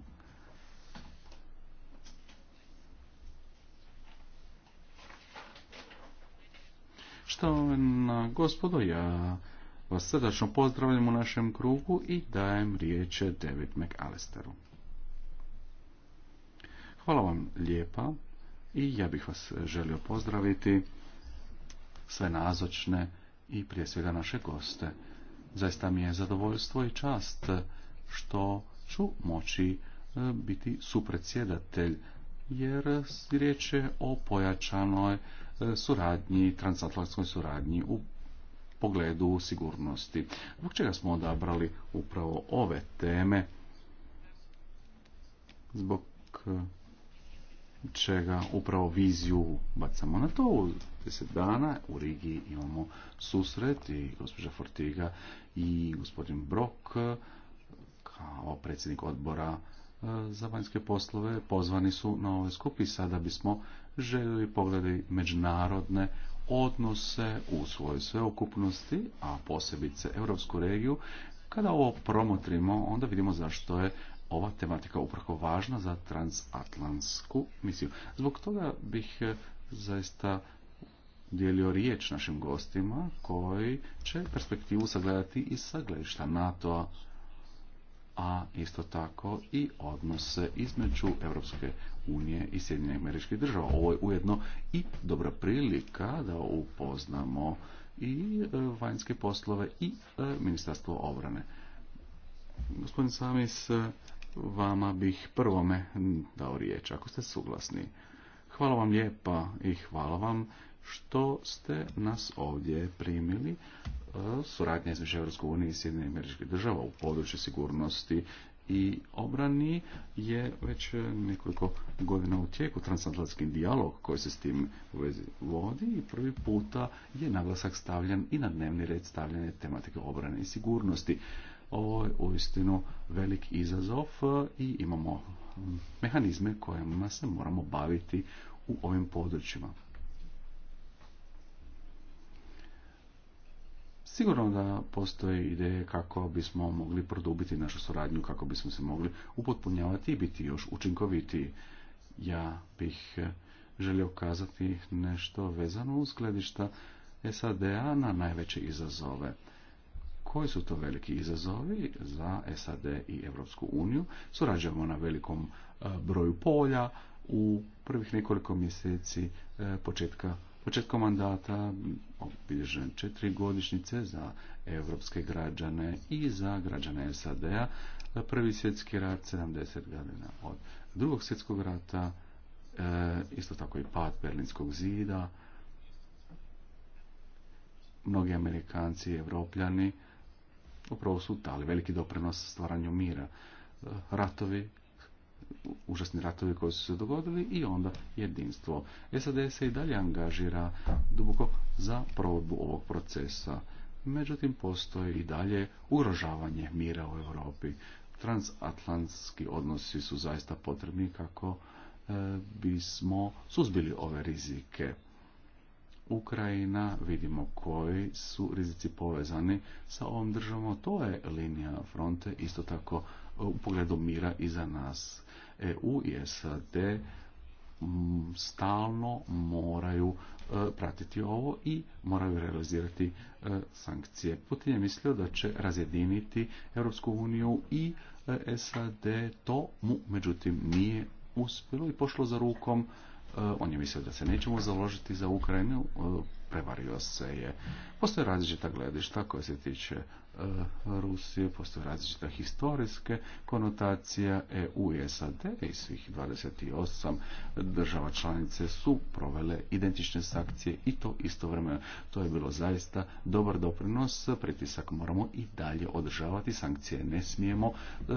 na gospodo, ja vas srdačno pozdravljam u našem krugu i dajem riječ David McAllisteru. Hvala vam lijepa i ja bih vas želio pozdraviti sve nazočne i prije svega naše goste. Zaista mi je zadovoljstvo i čast što ću moći e, biti supredsjedatelj jer riječ je o pojačanoj e, suradnji, transatlantskoj suradnji u pogledu sigurnosti. Zbog čega smo odabrali upravo ove teme? Zbog e, čega upravo viziju bacamo na to. U deset dana u Rigi imamo susret i gospođa Fortiga i gospodin Brok eh, kao predsjednik odbora eh, za vanjske poslove pozvani su na ovaj skup i sada bismo željeli pogledati međunarodne odnose u svojoj sveokupnosti, a posebice europsku regiju. Kada ovo promotrimo, onda vidimo zašto je ova tematika upravo važna za transatlantsku misiju. Zbog toga bih e, zaista dijelio riječ našim gostima koji će perspektivu sagledati i sagledišta NATO-a, a isto tako i odnose između Europske unije i Sjedinjenih američkih država. Ovo je ujedno i dobra prilika da upoznamo i e, vanjske poslove i e, ministarstvo obrane. Gospodin Samis, vama bih prvome dao riječ, ako ste suglasni. Hvala vam lijepa i hvala vam što ste nas ovdje primili. E, suradnja između EU unije i Sjedine država u području sigurnosti i obrani je već nekoliko godina u tijeku transatlantski dijalog koji se s tim u vezi vodi i prvi puta je naglasak stavljen i na dnevni red stavljanje tematike obrane i sigurnosti. Ovo je uistinu velik izazov e, i imamo mehanizme kojima se moramo baviti u ovim područjima. Sigurno da postoje ideje kako bismo mogli produbiti našu suradnju, kako bismo se mogli upotpunjavati i biti još učinkovitiji. Ja bih e, želio kazati nešto vezano uz gledišta SAD-a na najveće izazove koji su to veliki izazovi za SAD i Europsku uniju. Surađujemo na velikom e, broju polja u prvih nekoliko mjeseci e, početka Početkom mandata obilježen četiri godišnjice za evropske građane i za građane SAD-a. Prvi svjetski rat, 70 godina od drugog svjetskog rata, e, isto tako i pad Berlinskog zida. Mnogi Amerikanci i Evropljani upravo su dali veliki doprinos stvaranju mira. E, ratovi, užasni ratovi koji su se dogodili i onda jedinstvo. SAD se i dalje angažira duboko za provodbu ovog procesa. Međutim, postoje i dalje ugrožavanje mira u Europi. Transatlantski odnosi su zaista potrebni kako e, bismo suzbili ove rizike. Ukrajina, vidimo koji su rizici povezani sa ovom državom. To je linija fronte, isto tako e, u pogledu mira i za nas. EU i SAD stalno moraju e, pratiti ovo i moraju realizirati e, sankcije. Putin je mislio da će razjediniti Europsku uniju i SAD. To mu međutim nije uspjelo i pošlo za rukom E, on je mislio da se nećemo založiti za Ukrajinu, e, prevario se je. Postoje različita gledišta koje se tiče e, Rusije, postoje različita historijske konotacija EU i SAD i svih 28 država članice su provele identične sankcije i to istovremeno. To je bilo zaista dobar doprinos, pritisak moramo i dalje održavati, sankcije ne smijemo e,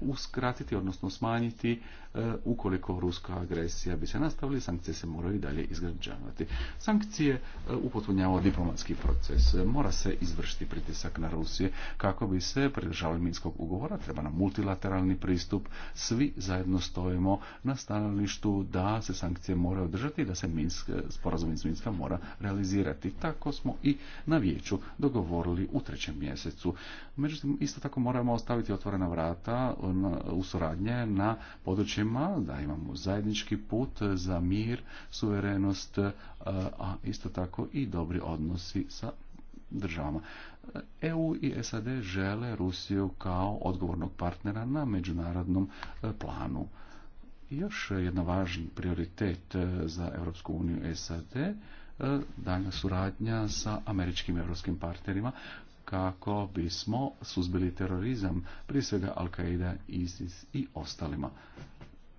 uskratiti, odnosno smanjiti e, ukoliko ruska agresija bi se nastavila, sankcije se moraju i dalje izgrađavati. Sankcije e, diplomatski proces proces. Mora se izvršiti pritisak na Rusije kako bi se pridržavali Minskog ugovora. Treba na multilateralni pristup. Svi zajedno stojimo na stanovištu da se sankcije moraju održati i da se Minsk, sporazum iz Minska mora realizirati. Tako smo i na vijeću dogovorili u trećem mjesecu. Međutim, isto tako moramo ostaviti otvorena vrata u suradnje na područjima da imamo zajednički put za mir, suverenost, a isto tako i dobri odnosi sa državama. EU e i SAD žele Rusiju kao odgovornog partnera na međunarodnom e, planu. Još jedna važan prioritet e, za Europsku uniju i SAD daljna suradnja sa američkim i europskim partnerima kako bismo suzbili terorizam, prije svega Al-Qaida, ISIS i ostalima.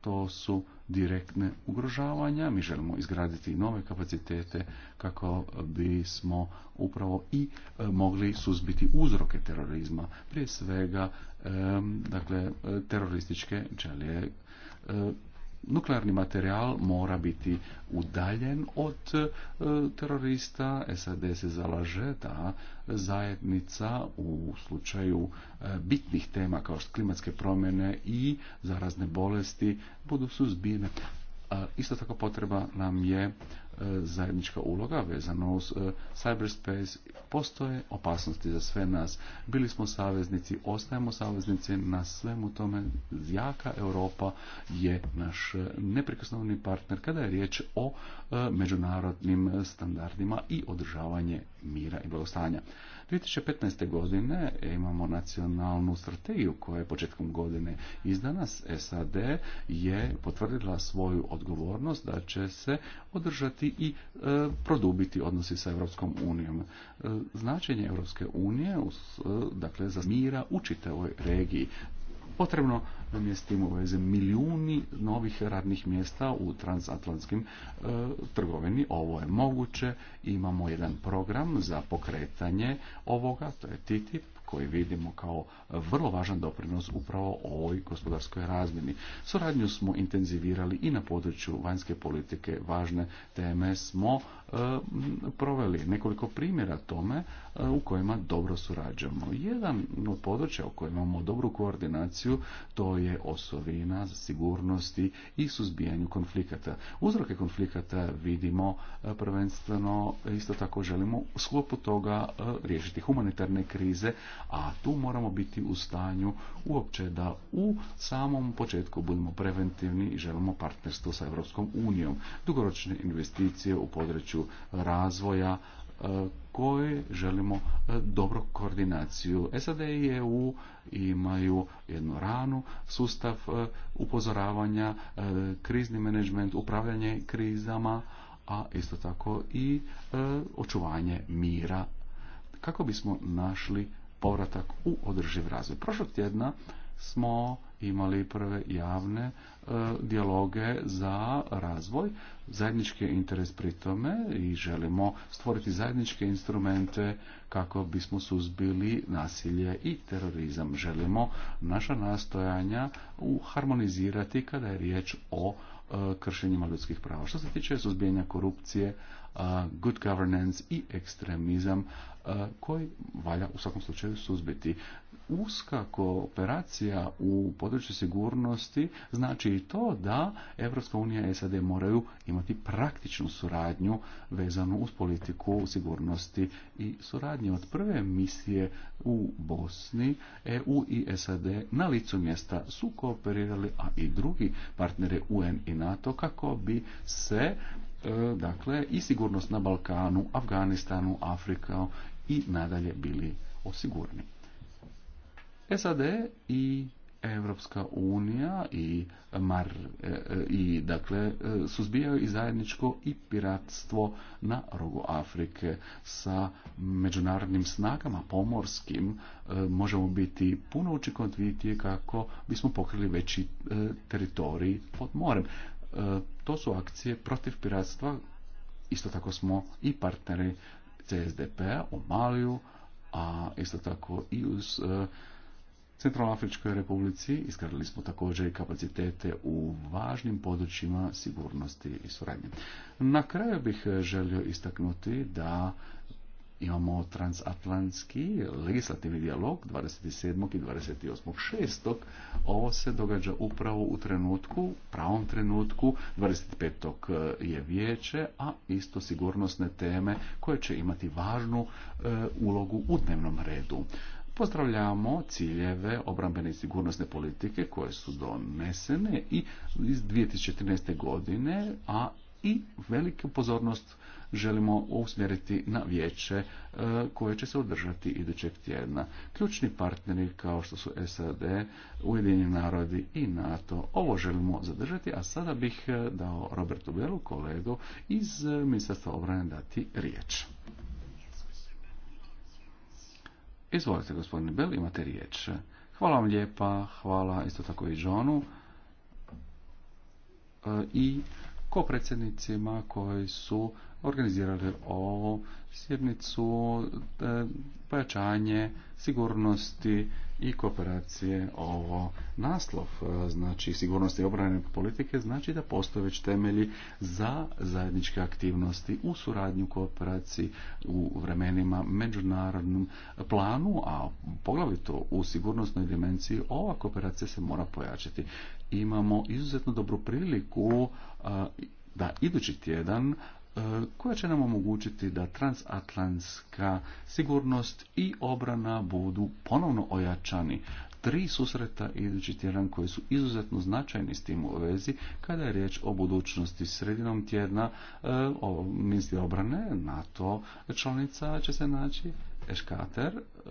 To su direktne ugrožavanja. Mi želimo izgraditi nove kapacitete kako bismo upravo i e, mogli suzbiti uzroke terorizma. Prije svega, dakle, e, terorističke čelije e, nuklearni materijal mora biti udaljen od e, terorista. SAD se zalaže da zajednica u slučaju e, bitnih tema kao što klimatske promjene i zarazne bolesti budu suzbijene. E, isto tako potreba nam je zajednička uloga vezano uz e, cyberspace. Postoje opasnosti za sve nas. Bili smo saveznici, ostajemo saveznici na svemu tome. Jaka Europa je naš e, neprekosnovni partner kada je riječ o e, međunarodnim standardima i održavanje mira i blagostanja. 2015. godine imamo nacionalnu strategiju koja je početkom godine izdana. SAD je potvrdila svoju odgovornost da će se održati i e, produbiti odnosi sa Europskom unijom. E, značenje Europske unije e, dakle, za mira u čitavoj regiji potrebno nam je s tim u milijuni novih radnih mjesta u transatlantskim e, trgovini. Ovo je moguće. Imamo jedan program za pokretanje ovoga, to je TTIP koji vidimo kao vrlo važan doprinos upravo ovoj gospodarskoj razmjeni. Suradnju smo intenzivirali i na području vanjske politike. Važne teme smo E, proveli nekoliko primjera tome e, u kojima dobro surađujemo. Jedan od područja u kojem imamo dobru koordinaciju to je osovina sigurnosti i suzbijanju konflikata. Uzroke konflikata vidimo e, prvenstveno, isto tako želimo u sklopu toga riješiti humanitarne krize, a tu moramo biti u stanju uopće da u samom početku budemo preventivni i želimo partnerstvo sa Europskom unijom. Dugoročne investicije u području razvoja e, koje želimo e, dobro koordinaciju. SAD i EU imaju jednu ranu, sustav e, upozoravanja, krizni menadžment, upravljanje krizama, a isto tako i očuvanje mira kako bismo našli povratak u održiv razvoj. Prošlog tjedna smo imali prve javne E, dijaloge za razvoj, zajednički interes pri tome i želimo stvoriti zajedničke instrumente kako bismo suzbili nasilje i terorizam. Želimo naša nastojanja uharmonizirati kada je riječ o e, kršenjima ljudskih prava. Što se tiče suzbijanja korupcije, e, good governance i ekstremizam koji valja u svakom slučaju suzbiti uska kooperacija u području sigurnosti znači i to da EU unija i SAD moraju imati praktičnu suradnju vezanu uz politiku sigurnosti i suradnje. Od prve misije u Bosni EU i SAD na licu mjesta su kooperirali, a i drugi partnere UN i NATO kako bi se e, dakle i sigurnost na Balkanu, Afganistanu, Afrika i nadalje bili osigurni. SAD i Europska unija i mar e, e, i dakle e, suzbijaju i zajedničko i piratstvo na rogu Afrike sa međunarodnim snagama pomorskim možemo biti puno učinkovitije kako bismo pokrili veći teritorij pod morem. To su akcije protiv piratstva. Isto tako smo i partneri CSDP-a u Maliju, a isto tako i uz Centralnoafričkoj republici izgradili smo također i kapacitete u važnim područjima sigurnosti i suradnje. Na kraju bih želio istaknuti da imamo transatlantski legislativni dijalog 27. i 28.6. Ovo se događa upravo u trenutku, pravom trenutku. 25. je vijeće, a isto sigurnosne teme koje će imati važnu e, ulogu u dnevnom redu. Pozdravljamo ciljeve obrambene i sigurnosne politike koje su donesene i iz 2013. godine, a i veliku pozornost želimo usmjeriti na vijeće e, koje će se održati idućeg tjedna. Ključni partneri kao što su SAD, Ujedinjeni narodi i NATO, ovo želimo zadržati, a sada bih e, dao Robertu Belu, kolegu iz e, Ministarstva obrane, dati riječ. Izvolite, gospodine Bell, imate riječ. Hvala vam lijepa, hvala isto tako i Žonu e, i kopredsjednicima koji su organizirali ovu sjednicu, e, pojačanje sigurnosti i kooperacije ovo naslov e, znači sigurnosti i obrane politike znači da postoje već temelji za zajedničke aktivnosti u suradnju kooperaciji u vremenima međunarodnom planu a poglavito u sigurnosnoj dimenziji ova kooperacija se mora pojačati imamo izuzetno dobru priliku e, da idući tjedan koja će nam omogućiti da transatlantska sigurnost i obrana budu ponovno ojačani. Tri susreta idući tjedan koji su izuzetno značajni s tim u vezi kada je riječ o budućnosti sredinom tjedna e, o ministri obrane NATO članica će se naći Eškater e,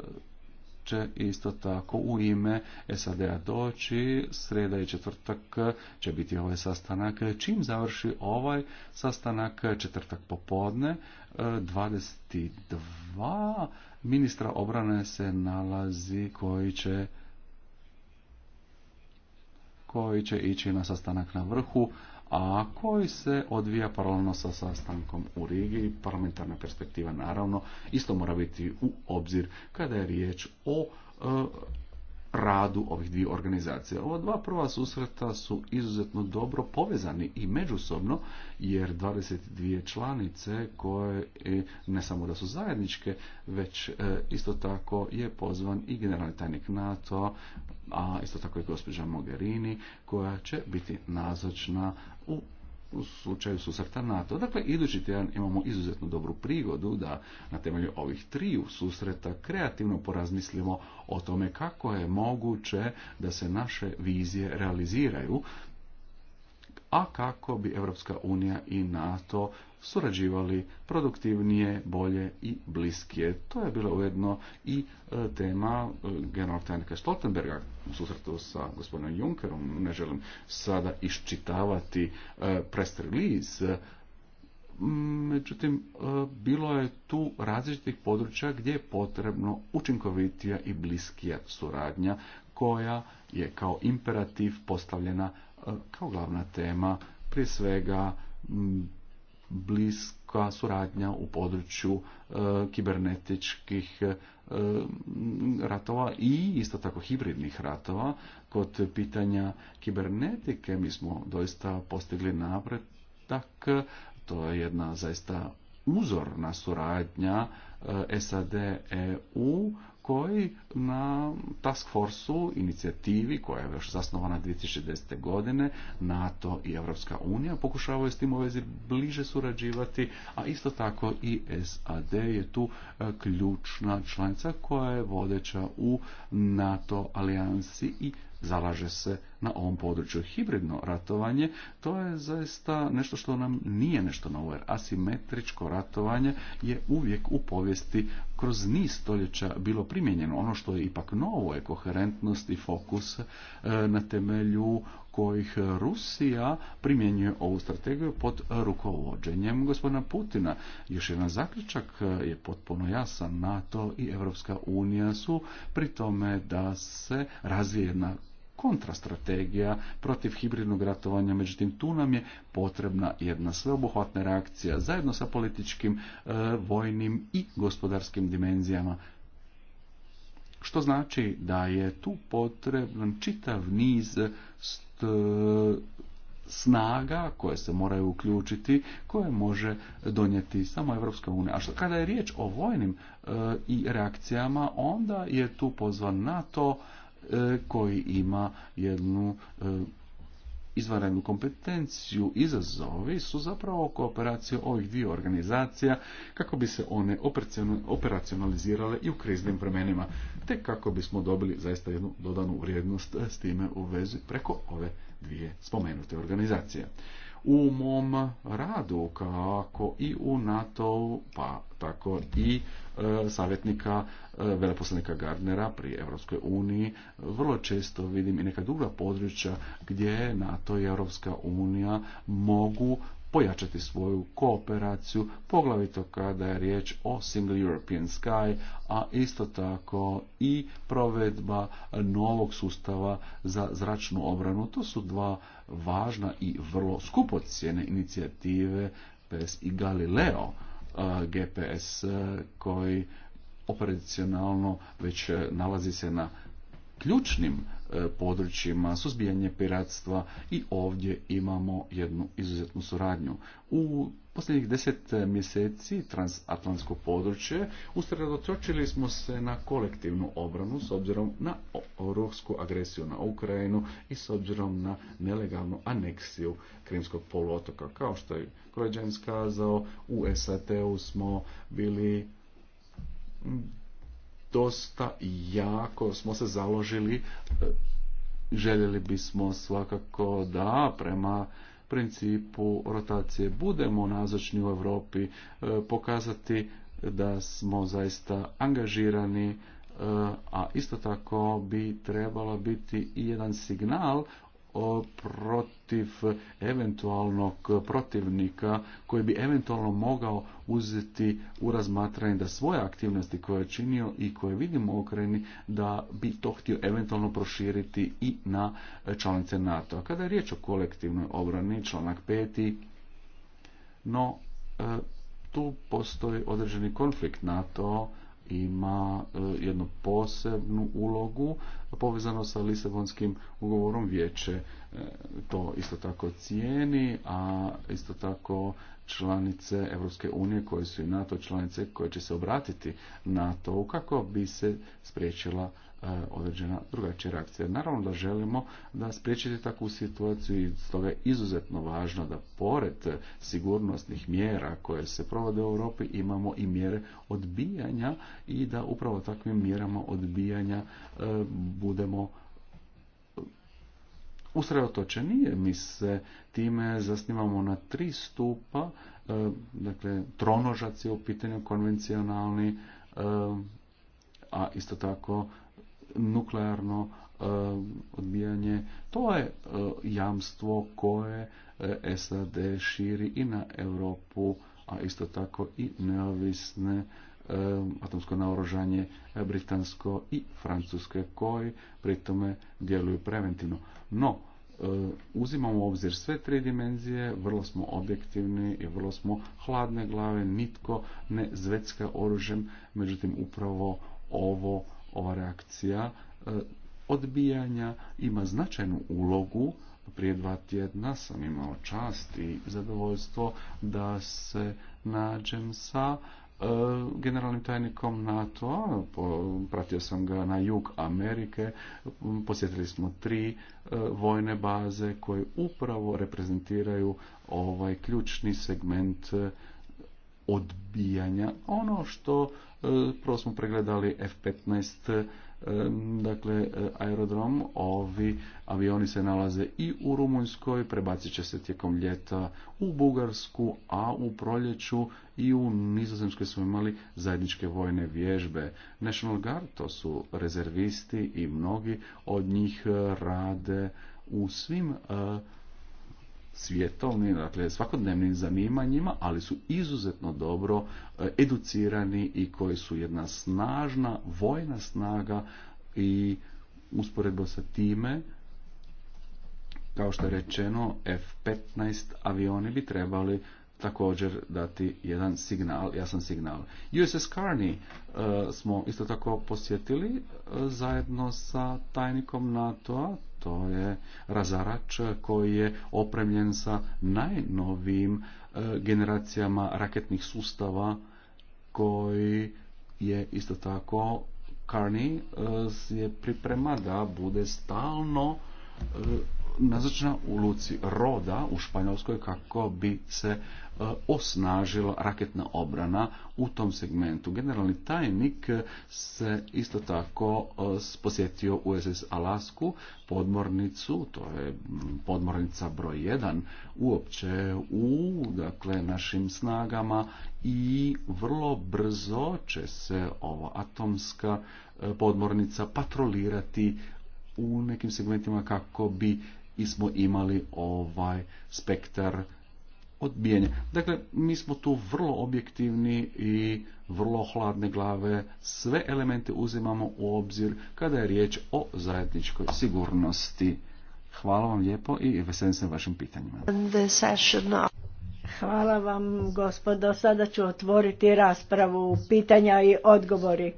će isto tako u ime SAD-a doći. Sreda i četvrtak će biti ovaj sastanak. Čim završi ovaj sastanak četvrtak popodne 22 ministra obrane se nalazi koji će koji će ići na sastanak na vrhu a koji se odvija paralelno sa sastankom u Rigi. Parlamentarna perspektiva naravno isto mora biti u obzir kada je riječ o e, radu ovih dvije organizacije. Ova dva prva susreta su izuzetno dobro povezani i međusobno, jer 22 članice koje e, ne samo da su zajedničke, već e, isto tako je pozvan i generalni tajnik NATO, a isto tako i gospođa Mogherini, koja će biti nazočna u slučaju susreta NATO. Dakle, idući tjedan imamo izuzetno dobru prigodu da na temelju ovih triju susreta kreativno porazmislimo o tome kako je moguće da se naše vizije realiziraju a kako bi Europska unija i NATO surađivali produktivnije, bolje i bliskije. To je bilo ujedno i e, tema e, General tajnika Stoltenberga u susretu sa gospodinom Junckerom. Ne želim sada iščitavati e, press release međutim bilo je tu različitih područja gdje je potrebno učinkovitija i bliskija suradnja koja je kao imperativ postavljena kao glavna tema prije svega bliska suradnja u području e, kibernetičkih e, ratova i isto tako hibridnih ratova. Kod pitanja kibernetike mi smo doista postigli napredak. To je jedna zaista uzorna suradnja e, SAD-EU koji na task forceu inicijativi koja je još zasnovana 2010. godine NATO i Europska unija pokušavaju s tim u vezi bliže surađivati, a isto tako i SAD je tu e, ključna članica koja je vodeća u NATO alijansi i zalaže se na ovom području. Hibridno ratovanje, to je zaista nešto što nam nije nešto novo, jer asimetričko ratovanje je uvijek u povijesti kroz niz stoljeća bilo primijenjeno. Ono što je ipak novo je koherentnost i fokus e, na temelju kojih Rusija primjenjuje ovu strategiju pod rukovođenjem gospodina Putina. Još jedan zaključak je potpuno jasan. NATO i Europska unija su pri tome da se razvije jedna kontrastrategija protiv hibridnog ratovanja, međutim tu nam je potrebna jedna sveobuhvatna reakcija zajedno sa političkim, e, vojnim i gospodarskim dimenzijama što znači da je tu potreban čitav niz snaga koje se moraju uključiti, koje može donijeti samo Evropska unija. A što kada je riječ o vojnim e, i reakcijama, onda je tu pozvan NATO, E, koji ima jednu e, izvanrednu kompetenciju. Izazovi su zapravo kooperacija ovih dvije organizacija kako bi se one operacionalizirale i u kriznim vremenima, te kako bismo dobili zaista jednu dodanu vrijednost e, s time u vezi preko ove dvije spomenute organizacije. U mom radu, kako i u NATO, pa tako i E, savjetnika e, veleposlanika Gardnera pri Europskoj uniji. Vrlo često vidim i neka druga područja gdje NATO i Europska unija mogu pojačati svoju kooperaciju, poglavito kada je riječ o Single European Sky, a isto tako i provedba novog sustava za zračnu obranu. To su dva važna i vrlo skupocjene inicijative PES i Galileo GPS e, koji operacionalno već e, nalazi se na ključnim E, područjima, suzbijanje piratstva i ovdje imamo jednu izuzetnu suradnju. U posljednjih deset mjeseci transatlantsko područje usredotočili smo se na kolektivnu obranu s obzirom na rusku agresiju na Ukrajinu i s obzirom na nelegalnu aneksiju Krimskog poluotoka. Kao što je Krođan skazao, u SAT-u smo bili dosta jako smo se založili. E, željeli bismo svakako da prema principu rotacije budemo nazočni u Europi, e, pokazati da smo zaista angažirani, e, a isto tako bi trebalo biti i jedan signal protiv eventualnog protivnika koji bi eventualno mogao uzeti u razmatranje da svoje aktivnosti koje je činio i koje vidimo u Ukrajini da bi to htio eventualno proširiti i na članice NATO. A kada je riječ o kolektivnoj obrani, članak peti, no e, tu postoji određeni konflikt NATO ima e, jednu posebnu ulogu povezano sa Lisabonskim ugovorom vijeće e, to isto tako cijeni, a isto tako članice Europske unije koje su i NATO članice koje će se obratiti to kako bi se spriječila E, određena drugačija reakcija. Naravno da želimo da spriječiti takvu situaciju i stoga je izuzetno važno da pored sigurnosnih mjera koje se provode u Europi imamo i mjere odbijanja i da upravo takvim mjerama odbijanja e, budemo usredotočeni. Mi se time zasnivamo na tri stupa, e, dakle tronožac je u pitanju konvencionalni, a isto tako nuklearno e, odbijanje, to je e, jamstvo koje e, SAD širi i na Europu, a isto tako i neovisne atomsko naoružanje britansko i francuske koji pri tome djeluju preventivno. No, uzimamo u obzir sve tri dimenzije, vrlo smo objektivni i vrlo smo hladne glave, nitko ne zvecka oružjem, međutim upravo ovo ova reakcija e, odbijanja ima značajnu ulogu. Prije dva tjedna sam imao čast i zadovoljstvo da se nađem sa e, generalnim tajnikom nato pratio sam ga na jug Amerike, posjetili smo tri e, vojne baze koje upravo reprezentiraju ovaj ključni segment odbijanja. Ono što e, prvo smo pregledali F-15 e, dakle aerodrom ovi avioni se nalaze i u Rumunjskoj prebacit će se tijekom ljeta u Bugarsku a u proljeću i u Nizozemskoj smo imali zajedničke vojne vježbe National Guard to su rezervisti i mnogi od njih rade u svim e, svjetovnim, dakle svakodnevnim zanimanjima, ali su izuzetno dobro e, educirani i koji su jedna snažna vojna snaga i usporedbo sa time kao što je rečeno F-15 avioni bi trebali također dati jedan signal, jasan signal. USS Carney e, smo isto tako posjetili e, zajedno sa tajnikom NATO-a, to je razarač koji je opremljen sa najnovijim e, generacijama raketnih sustava koji je isto tako Carney e, je priprema da bude stalno e, nazočna u luci Roda u Španjolskoj kako bi se e, osnažila raketna obrana u tom segmentu. Generalni tajnik se isto tako e, posjetio USS Alasku, podmornicu, to je podmornica broj 1 uopće u dakle, našim snagama i vrlo brzo će se ova atomska e, podmornica patrolirati u nekim segmentima kako bi i smo imali ovaj spektar odbijanja. Dakle, mi smo tu vrlo objektivni i vrlo hladne glave. Sve elemente uzimamo u obzir kada je riječ o zajedničkoj sigurnosti. Hvala vam lijepo i veselim se vašim pitanjima. Hvala vam gospodo. Sada ću otvoriti raspravu, pitanja i odgovori.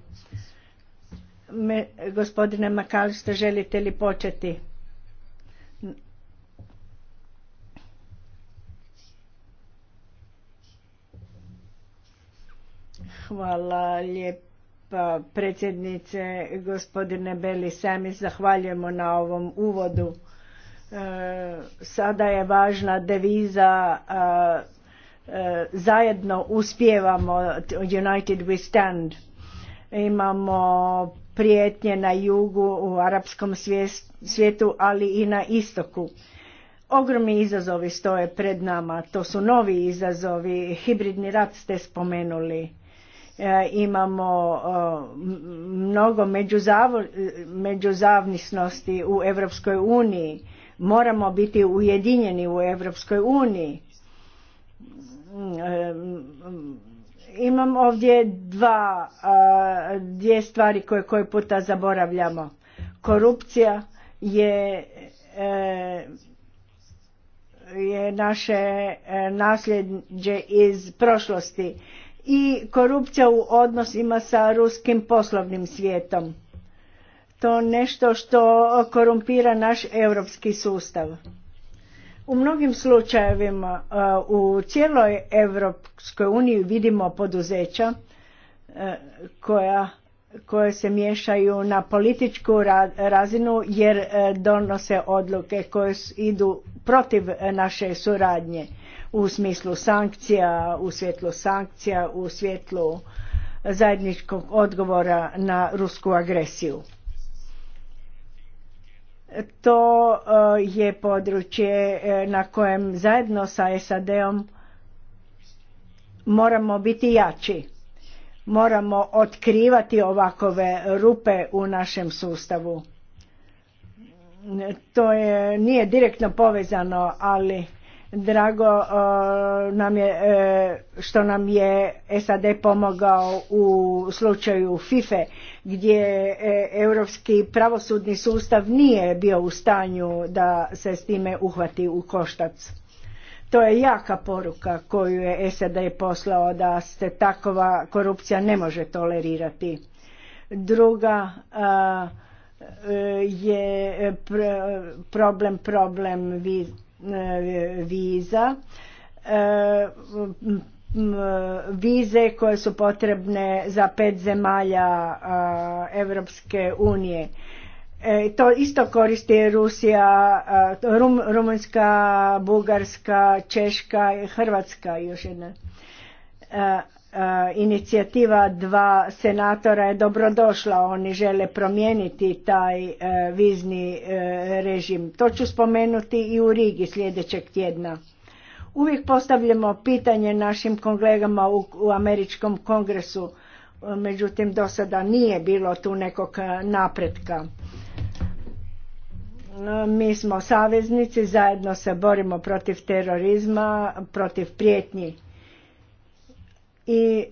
Me, gospodine Makalište, želite li početi? Hvala lijepa predsjednice, gospodine Beli Sami, zahvaljujemo na ovom uvodu. E, sada je važna deviza e, zajedno uspijevamo United We Stand. Imamo prijetnje na jugu u arapskom svijetu, ali i na istoku. Ogromni izazovi stoje pred nama, to su novi izazovi, hibridni rat ste spomenuli. E, imamo e, mnogo e, međuzavnisnosti u Europskoj uniji. Moramo biti ujedinjeni u Europskoj uniji. Imam ovdje dva, dvije stvari koje koji puta zaboravljamo. Korupcija je je naše nasljeđe iz prošlosti i korupcija u odnosima sa ruskim poslovnim svijetom. To nešto što korumpira naš europski sustav. U mnogim slučajevima uh, u cijeloj Europskoj uniji vidimo poduzeća uh, koja, koje se miješaju na političku razinu jer uh, donose odluke koje idu protiv naše suradnje u smislu sankcija, u svjetlu sankcija, u svjetlu zajedničkog odgovora na rusku agresiju. To eh, je područje eh, na kojem zajedno sa SAD-om moramo biti jači. Moramo otkrivati ovakove rupe u našem sustavu. To je, nije direktno povezano, ali Drago uh, nam je uh, što nam je SAD pomogao u slučaju FIFE gdje uh, europski pravosudni sustav nije bio u stanju da se s time uhvati u koštac. To je jaka poruka koju je SAD poslao da se takova korupcija ne može tolerirati. Druga je problem problem E, viza e, vize koje su potrebne za pet zemalja Europske unije. E, to isto koristi Rusija, Rumunjska, Bugarska, Češka i Hrvatska još jedna. E, inicijativa dva senatora je dobrodošla, oni žele promijeniti taj e, vizni e, režim. To ću spomenuti i u Rigi sljedećeg tjedna. Uvijek postavljamo pitanje našim kolegama u, američkom kongresu, međutim do sada nije bilo tu nekog napretka. Mi smo saveznici, zajedno se borimo protiv terorizma, protiv prijetnji i e,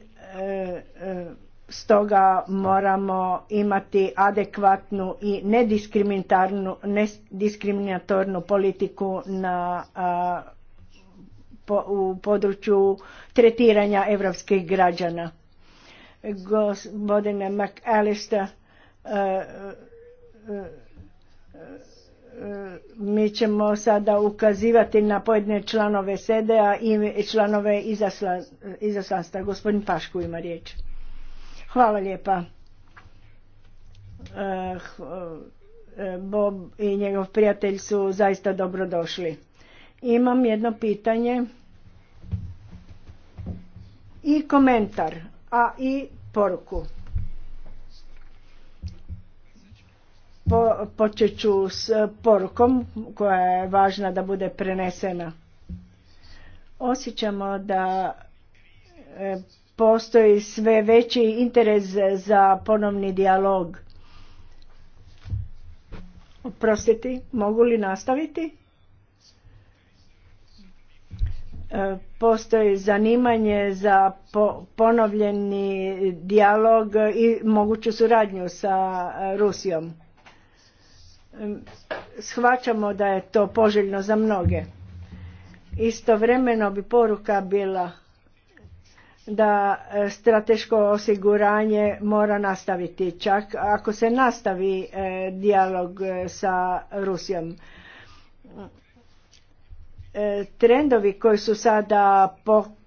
e, stoga moramo imati adekvatnu i nediskriminatornu politiku u području tretiranja europskih građana. Gospodine McAllister, e, mi ćemo sada ukazivati na pojedine članove SEDE-a i članove izaslanstva. Gospodin Pašku ima riječ. Hvala lijepa. E, e, Bob i njegov prijatelj su zaista došli. Imam jedno pitanje i komentar, a i poruku. Po, počet ću s porukom koja je važna da bude prenesena. Osjećamo da e, postoji sve veći interes za ponovni dijalog. Oprostiti, mogu li nastaviti? E, postoji zanimanje za ponovljeni dijalog i moguću suradnju sa Rusijom shvaćamo da je to poželjno za mnoge. Istovremeno bi poruka bila da e, strateško osiguranje mora nastaviti, čak ako se nastavi e, dijalog e, sa Rusijom. Trendovi koji su sada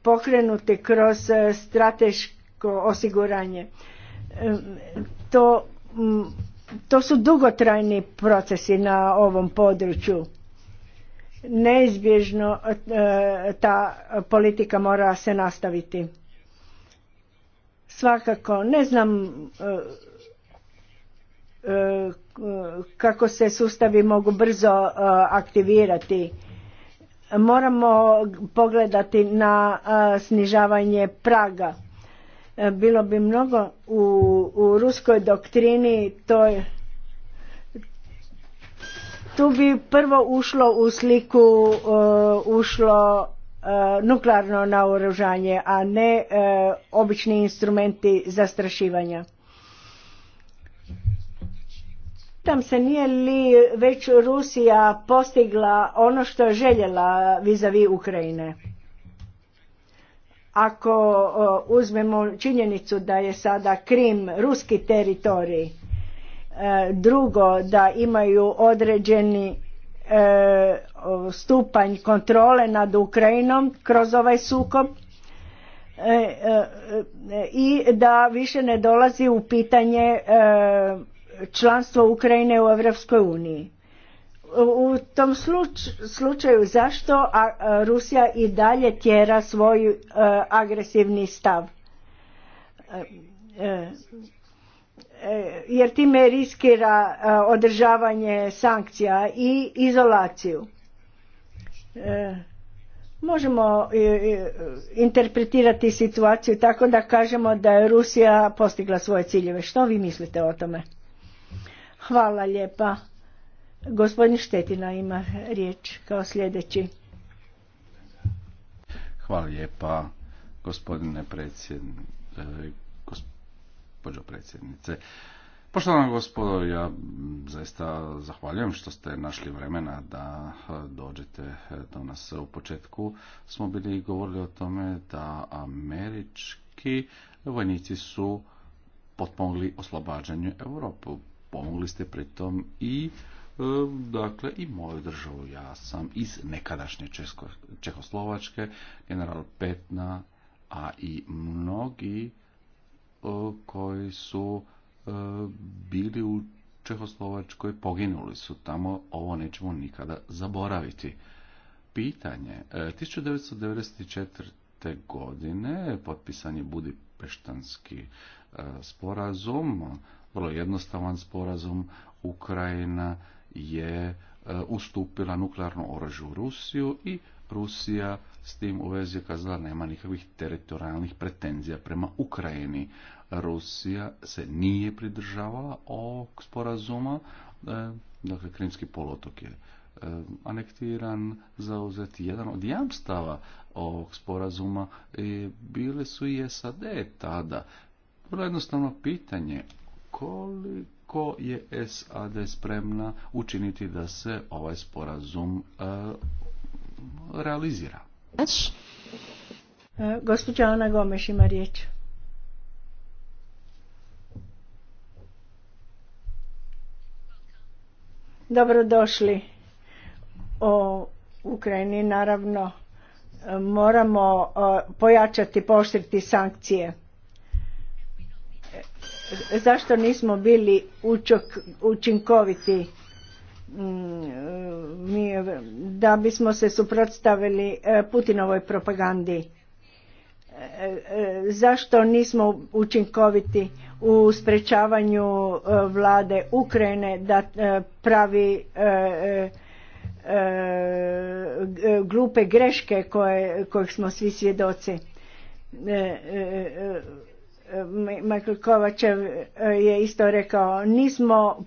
pokrenuti kroz strateško osiguranje, to to su dugotrajni procesi na ovom području. Neizbježno e, ta politika mora se nastaviti. Svakako, ne znam e, e, kako se sustavi mogu brzo aktivirati. Moramo pogledati na snižavanje praga E, bilo bi mnogo u, ruskoj doktrini to je tu bi prvo ušlo u sliku e, ušlo e, nuklearno naoružanje, a ne obični instrumenti zastrašivanja. Tam se nije li već Rusija postigla ono što je željela vizavi Ukrajine ako uzmemo činjenicu da je sada Krim ruski teritorij, e, drugo da imaju određeni e, stupanj kontrole nad Ukrajinom kroz ovaj sukob e, i da više ne dolazi u pitanje članstvo Ukrajine u Europskoj uniji u tom slučaju zašto Rusija i dalje tjera svoj e, agresivni stav? E, e, jer time riskira održavanje sankcija i izolaciju. Možemo interpretirati situaciju tako da kažemo da je Rusija postigla svoje ciljeve. Što vi mislite o tome? Hvala lijepa. Gospodin Štetina ima riječ kao sljedeći. Hvala lijepa gospodine predsjedniče, gospođo predsjednice. Poštovana gospodo, ja zaista zahvaljujem što ste našli vremena da e, dođete e, do nas. U početku smo bili govorili o tome da američki vojnici su potpomogli oslobađanju Europu. Pomogli ste pritom i E, dakle i moju državu. Ja sam iz nekadašnje Čehoslovačke, general Petna, a i mnogi e, koji su e, bili u Čehoslovačkoj poginuli su tamo, ovo nećemo nikada zaboraviti. Pitanje, 1994. godine potpisan je Peštanski sporazum, vrlo jednostavan sporazum Ukrajina je e, ustupila nuklearno oružje u Rusiju i Rusija s tim u vezi kazala nema nikakvih teritorijalnih pretenzija prema Ukrajini. Rusija se nije pridržavala ovog sporazuma, e, dakle Krimski polotok je e, anektiran, zauzet jedan od jamstava ovog sporazuma bile su i SAD tada. Vrlo jednostavno pitanje koliko ako je SAD spremna učiniti da se ovaj sporazum e, realizira. E, gospođa Ana Gomeš ima riječ. Dobrodošli o Ukrajini, naravno e, moramo pojačati, poštriti sankcije zašto nismo bili učinkoviti mm, da bismo se suprotstavili e, Putinovoj propagandi. E, e, zašto nismo učinkoviti u sprečavanju vlade Ukrajine da pravi glupe greške koje, kojih smo svi svjedoci. Michael Kovačev eh, je isto rekao, nismo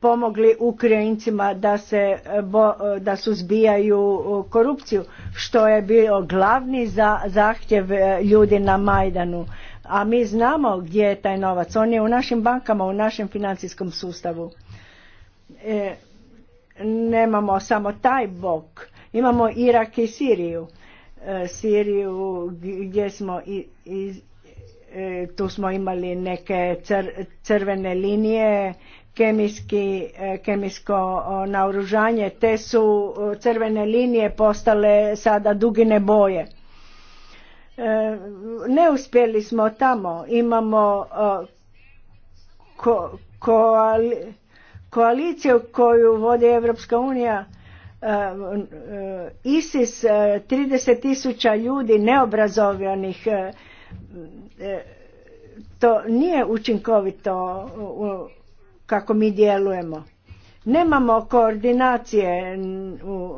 pomogli Ukrajincima da se eh, bo, eh, da suzbijaju korupciju, što je bio glavni za, zahtjev ljudi na Majdanu. A mi znamo gdje je taj novac. On je u našim bankama, u našem financijskom sustavu. nemamo samo taj bok. Imamo Irak i Siriju. Siriju gdje smo i, i E, tu smo imali neke crvene linije, kemijski, e, kemijsko naoružanje, te su crvene linije postale sada dugine boje. E, ne uspjeli smo tamo, imamo koaliciju koju vodi Evropska unija, ISIS 30 tisuća ljudi neobrazovanih E, to nije učinkovito kako mi djelujemo. Nemamo koordinacije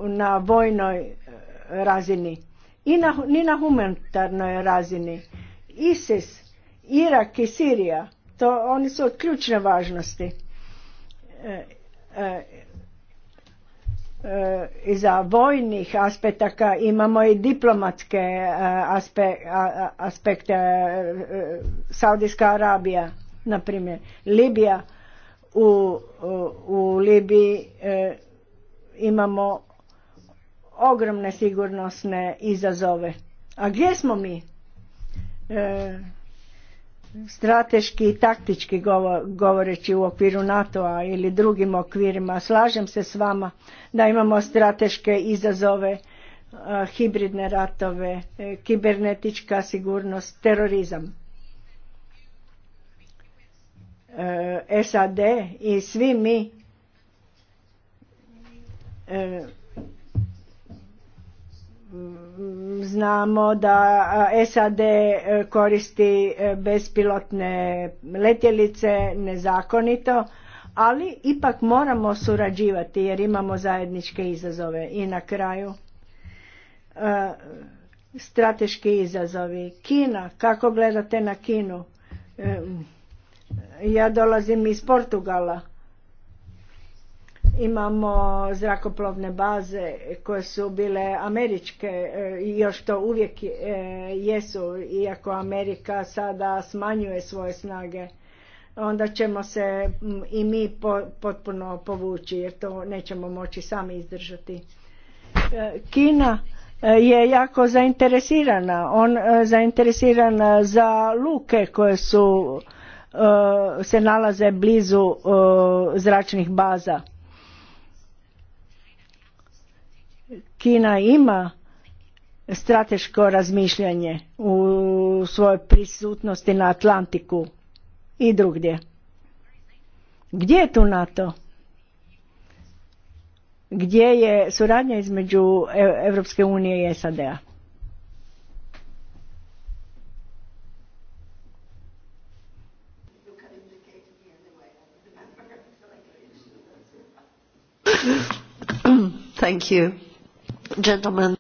na vojnoj e, razini i na, ni na humanitarnoj razini. ISIS, Irak i Sirija, to oni su od ključne važnosti. E, Eh, iza vojnih aspetaka imamo i diplomatske eh, aspe, aspekte eh, Saudijska Arabija na primjer Libija u, u, Libiji imamo ogromne sigurnosne izazove a gdje smo mi strateški i taktički govoreći u okviru NATO-a ili drugim okvirima. Slažem se s vama da imamo strateške izazove, e, hibridne ratove, e, kibernetička sigurnost, terorizam. E, SAD i svi mi Znamo da e, SAD e, koristi e, bespilotne letjelice nezakonito, ali ipak moramo surađivati jer imamo zajedničke izazove. I na kraju strateški izazovi. Kina, kako gledate na Kinu? Ja dolazim iz Portugala Imamo zrakoplovne baze koje su bile američke e, i još to uvijek e, jesu, iako Amerika sada smanjuje svoje snage. Onda ćemo se i mi potpuno povući jer to nećemo moći sami izdržati. E, Kina je jako zainteresirana. On zainteresirana za luke koje su se nalaze blizu zračnih baza Kina ima strateško razmišljanje u svojoj prisutnosti na Atlantiku i drugdje. Gdje je tu NATO? Gdje je suradnja između Europske unije i SAD-a? Thank you gentlemen.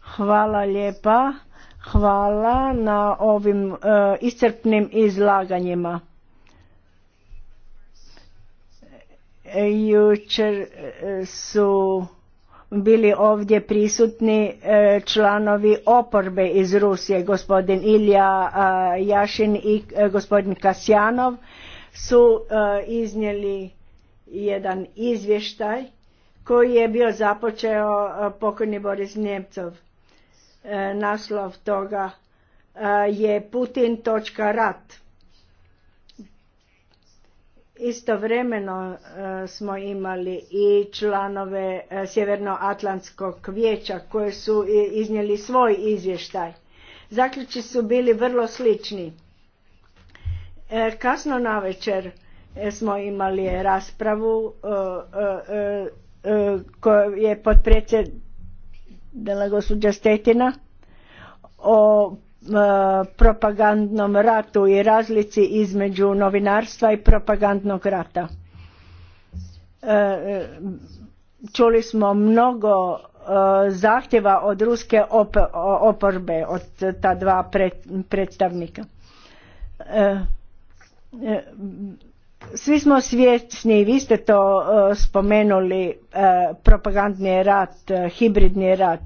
Hvala lijepa. Hvala na ovim e, iscrpnim izlaganjima. E, jučer e, su bili ovdje prisutni članovi oporbe iz Rusije, gospodin Ilja Jašin i gospodin Kasjanov su iznijeli jedan izvještaj koji je bio započeo e, pokojni Boris Njemcov. E, naslov toga e, je Putin.rat. Istovremeno smo imali i članove Sjevernoatlantskog vijeća koji su iznijeli svoj izvještaj. Zaključi su bili vrlo slični. Kasno na večer smo imali raspravu E, koju je potpredsjedala gospođa Stetina o e, propagandnom ratu i razlici između novinarstva i propagandnog rata. E, čuli smo mnogo zahtjeva od ruske oporbe, od ta dva predstavnika. Svi smo svjesni, vi ste to e, spomenuli, e, propagandni rat, e, hibridni rat.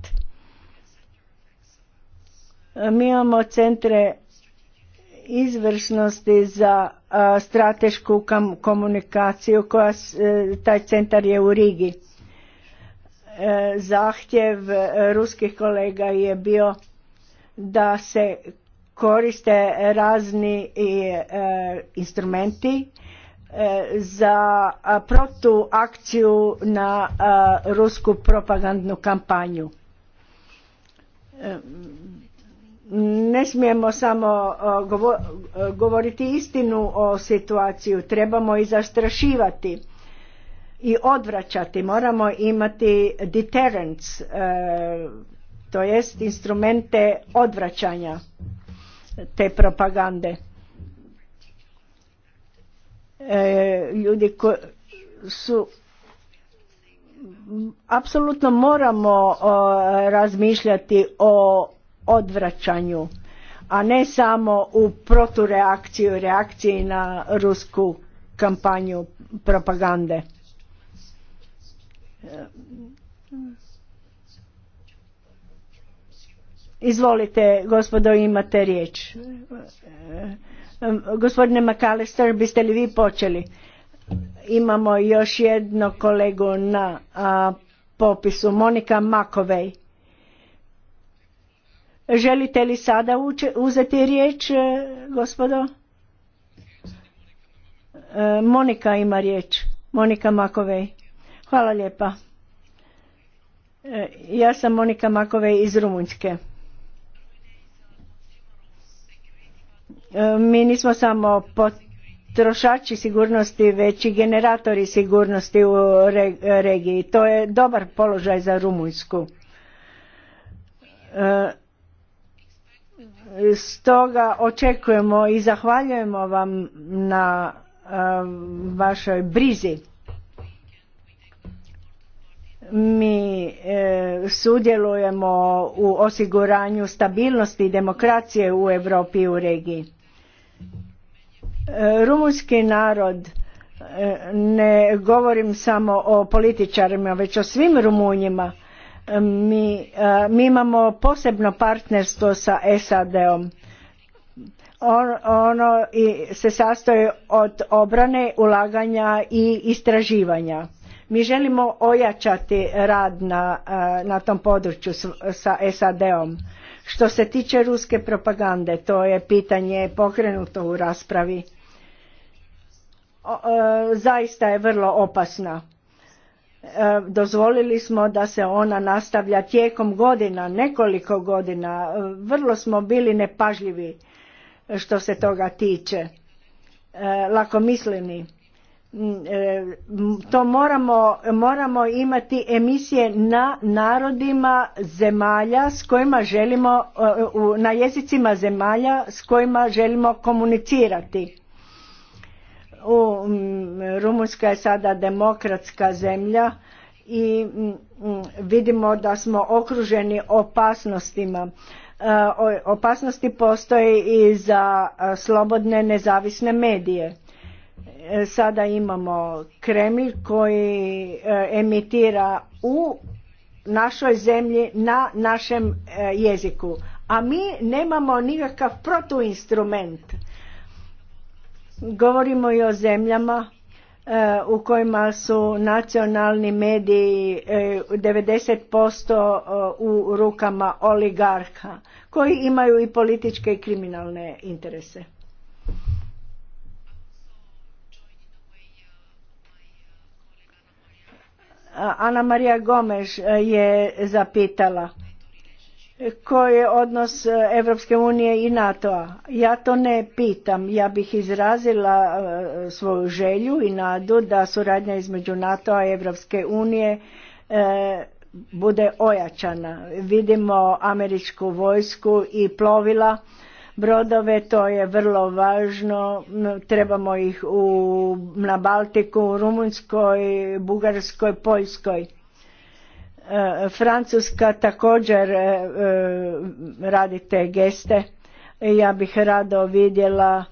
Mi imamo centre izvrsnosti za stratešku komunikaciju, koja, taj centar je u Rigi. Zahtjev ruskih kolega je bio da se koriste razni instrumenti E, za protu akciju na rusku propagandnu kampanju. E, ne smijemo samo e, govoriti istinu o situaciju, trebamo i zastrašivati i odvraćati, moramo imati deterrence, to jest instrumente odvraćanja te propagande E, ljudi koji su apsolutno moramo razmišljati o odvraćanju a ne samo u protureakciju reakciji na rusku kampanju propagande e, Izvolite, gospodo, imate riječ. E, Gospodine McAllister, biste li vi počeli? Imamo još jednog kolegu na popisu, Monika Makovej. Želite li sada uzeti riječ, e, gospodo? E, Monika ima riječ, Monika Makovej. Hvala lijepa. E, ja sam Monika Makovej iz Rumunjske. E, mi nismo samo potrošači sigurnosti, već i generatori sigurnosti u regiji. To je dobar položaj za Rumunjsku. E, stoga očekujemo i zahvaljujemo vam na e, vašoj brizi. Mi sudjelujemo u osiguranju stabilnosti i demokracije u Europi i u regiji. Rumunjski narod, e, ne govorim samo o političarima, već o svim Rumunjima, e, mi, e, mi imamo posebno partnerstvo sa SAD-om. Ono se sastoji od obrane, ulaganja i istraživanja. Mi želimo ojačati rad na, na tom području sa SAD-om. Što se tiče ruske propagande, to je pitanje pokrenuto u raspravi E, zaista je vrlo opasna. E, dozvolili smo da se ona nastavlja tijekom godina, nekoliko godina. E, vrlo smo bili nepažljivi što se toga tiče. Lakomisleni. To moramo, moramo imati emisije na narodima zemalja s kojima želimo, na jezicima zemalja s kojima želimo komunicirati u, Rumunjska je sada demokratska zemlja i vidimo da smo okruženi opasnostima. E, opasnosti postoje i za e, slobodne nezavisne medije. E, sada imamo Kreml koji emitira u našoj zemlji na našem jeziku, a mi nemamo nikakav protuinstrument Govorimo i o zemljama e, u kojima su nacionalni mediji 90% e, e, u rukama oligarha koji imaju i političke i kriminalne interese. Ana Marija Gomes je zapitala koji je odnos Europske unije i NATO-a. Ja to ne pitam, ja bih izrazila e, svoju želju i nadu da suradnja između NATO-a i Europske unije e, bude ojačana. Vidimo američku vojsku i plovila, brodove, to je vrlo važno, trebamo ih u, na Baltiku, Rumunjskoj, Bugarskoj, Poljskoj Francuska također e, e, radi te geste. Ja bih rado vidjela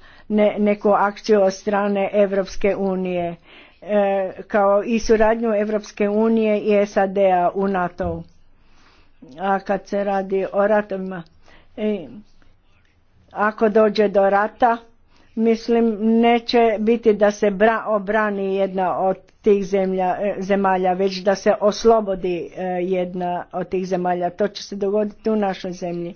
neku akciju od strane Europske unije e, kao i suradnju Europske unije i SAD-a u NATO. -u. A kad se radi o ratovima, ako dođe do rata, Mislim, neće biti da se bra, obrani jedna od tih zemlja, e, zemalja, već da se oslobodi e, jedna od tih zemalja. To će se dogoditi u našoj zemlji.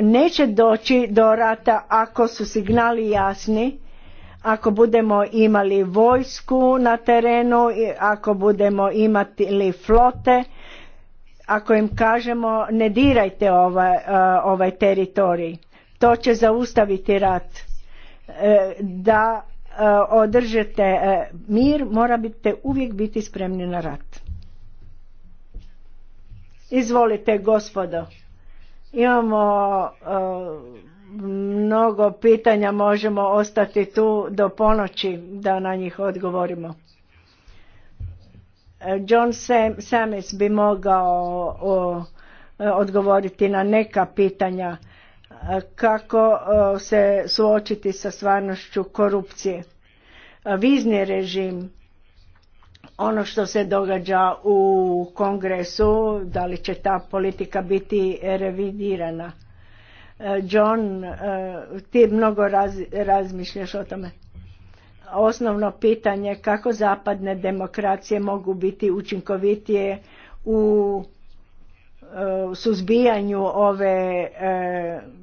Neće doći do rata ako su signali jasni, ako budemo imali vojsku na terenu, ako budemo imati flote, ako im kažemo ne dirajte ovaj, ovaj teritorij to će zaustaviti rat e, da e, održete mir morate uvijek biti spremni na rat izvolite gospodo imamo mnogo pitanja možemo ostati tu do ponoći da na njih odgovorimo John Samis bi mogao e, odgovoriti na neka pitanja e, kako e, se suočiti sa stvarnošću korupcije. Vizni režim, ono što se događa u kongresu, da li će ta politika biti revidirana. John, ti mnogo razmišljaš o tome osnovno pitanje kako zapadne demokracije mogu biti učinkovitije u e, suzbijanju ove e,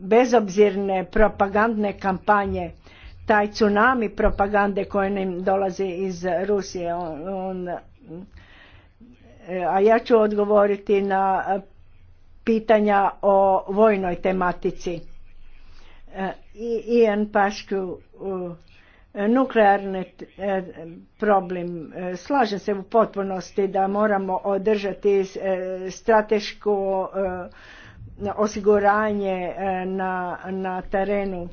bezobzirne propagandne kampanje taj tsunami propagande koje nam dolazi iz Rusije e, a ja ću odgovoriti na pitanja o vojnoj tematici Ian Pašku nuklearni e, problem. E, slažem se u potpunosti da moramo održati e, strateško osiguranje na, na terenu.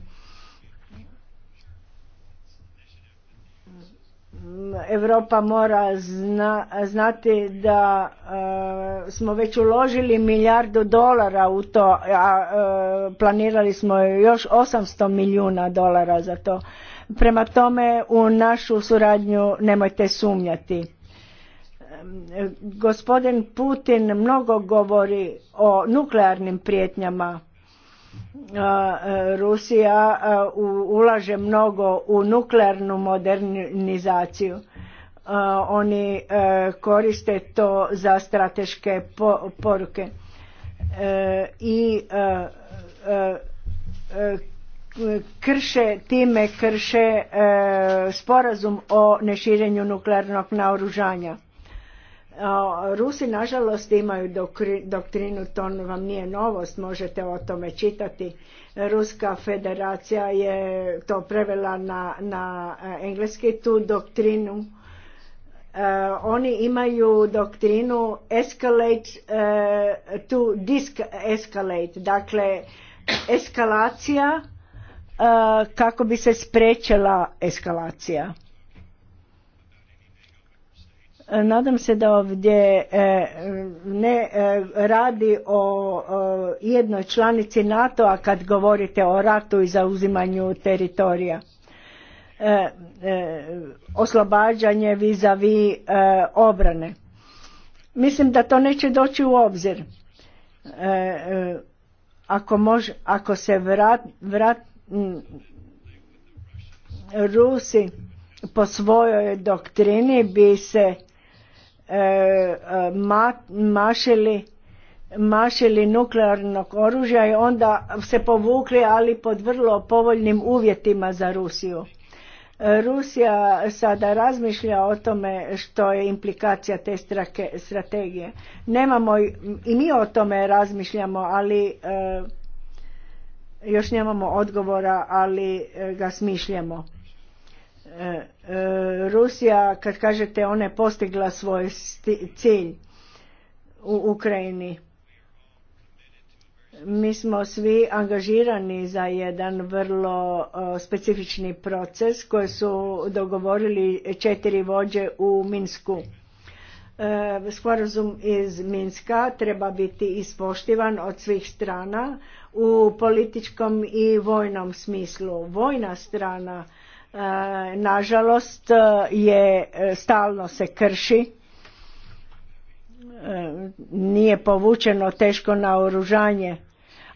Europa mora znati da smo već uložili milijardu dolara u to, a planirali smo još 800 milijuna dolara za to. Prema tome u našu suradnju nemojte sumnjati. Gospodin Putin mnogo govori o nuklearnim prijetnjama. E, Rusija e, ulaže mnogo u nuklearnu modernizaciju. E, oni koriste to za strateške poruke. I krše time krše e, sporazum o neširenju nuklearnog naoružanja. E, Rusi nažalost imaju doktrinu, to vam nije novost, možete o tome čitati. Ruska federacija je to prevela na, na e, engleski tu doktrinu. oni imaju doktrinu escalate to disk escalate dakle eskalacija E, kako bi se spriječila eskalacija. E, nadam se da ovdje e, ne radi o jednoj članici NATO-a kad govorite o ratu i zauzimanju teritorija. Oslobađanje vis-a-vis obrane. Mislim da to neće doći u obzir. Ako, ako se vrat Mm. Rusi po svojoj doktrini bi se e, e mašili mašili nuklearnog oružja i onda se povukli ali pod vrlo povoljnim uvjetima za Rusiju. E, Rusija sada razmišlja o tome što je implikacija te strategije. Nemamo i mi o tome razmišljamo, ali e, još nemamo odgovora, ali e, ga smišljamo. E, e, Rusija, kad kažete, ona je postigla svoj cilj u Ukrajini. Mi smo svi angažirani za jedan vrlo specifični proces koji su dogovorili četiri vođe u Minsku. Sporazum iz Minska treba biti ispoštivan od svih strana u političkom i vojnom smislu. Vojna strana e, nažalost e, je e, stalno se krši nije povučeno teško oružanje.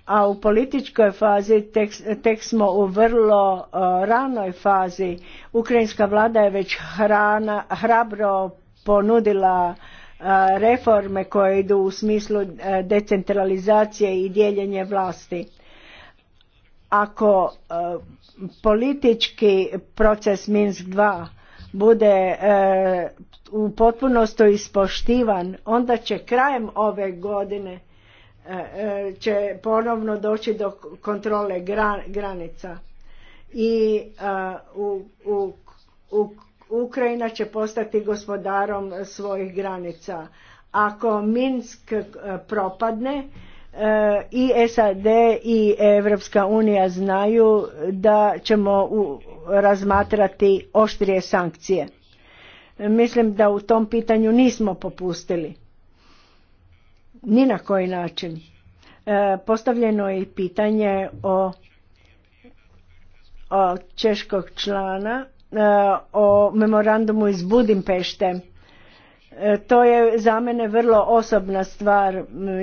a u političkoj fazi tek, tek smo u vrlo ranoj fazi ukrajinska vlada je već hrana, hrabro ponudila reforme koje idu u smislu e, decentralizacije i dijeljenje vlasti. Ako e, politički proces Minsk 2 bude e, u potpunosti ispoštivan, onda će krajem ove godine će ponovno doći do kontrole granica i u, u, u Ukrajina će postati gospodarom svojih granica. Ako Minsk eh, propadne, eh, i SAD i Evropska unija znaju da ćemo razmatrati oštrije sankcije. Mislim da u tom pitanju nismo popustili. Ni na koji način. Eh, postavljeno je i pitanje o, o češkog člana E, o memorandumu iz Budimpešte. E, to je za mene vrlo osobna stvar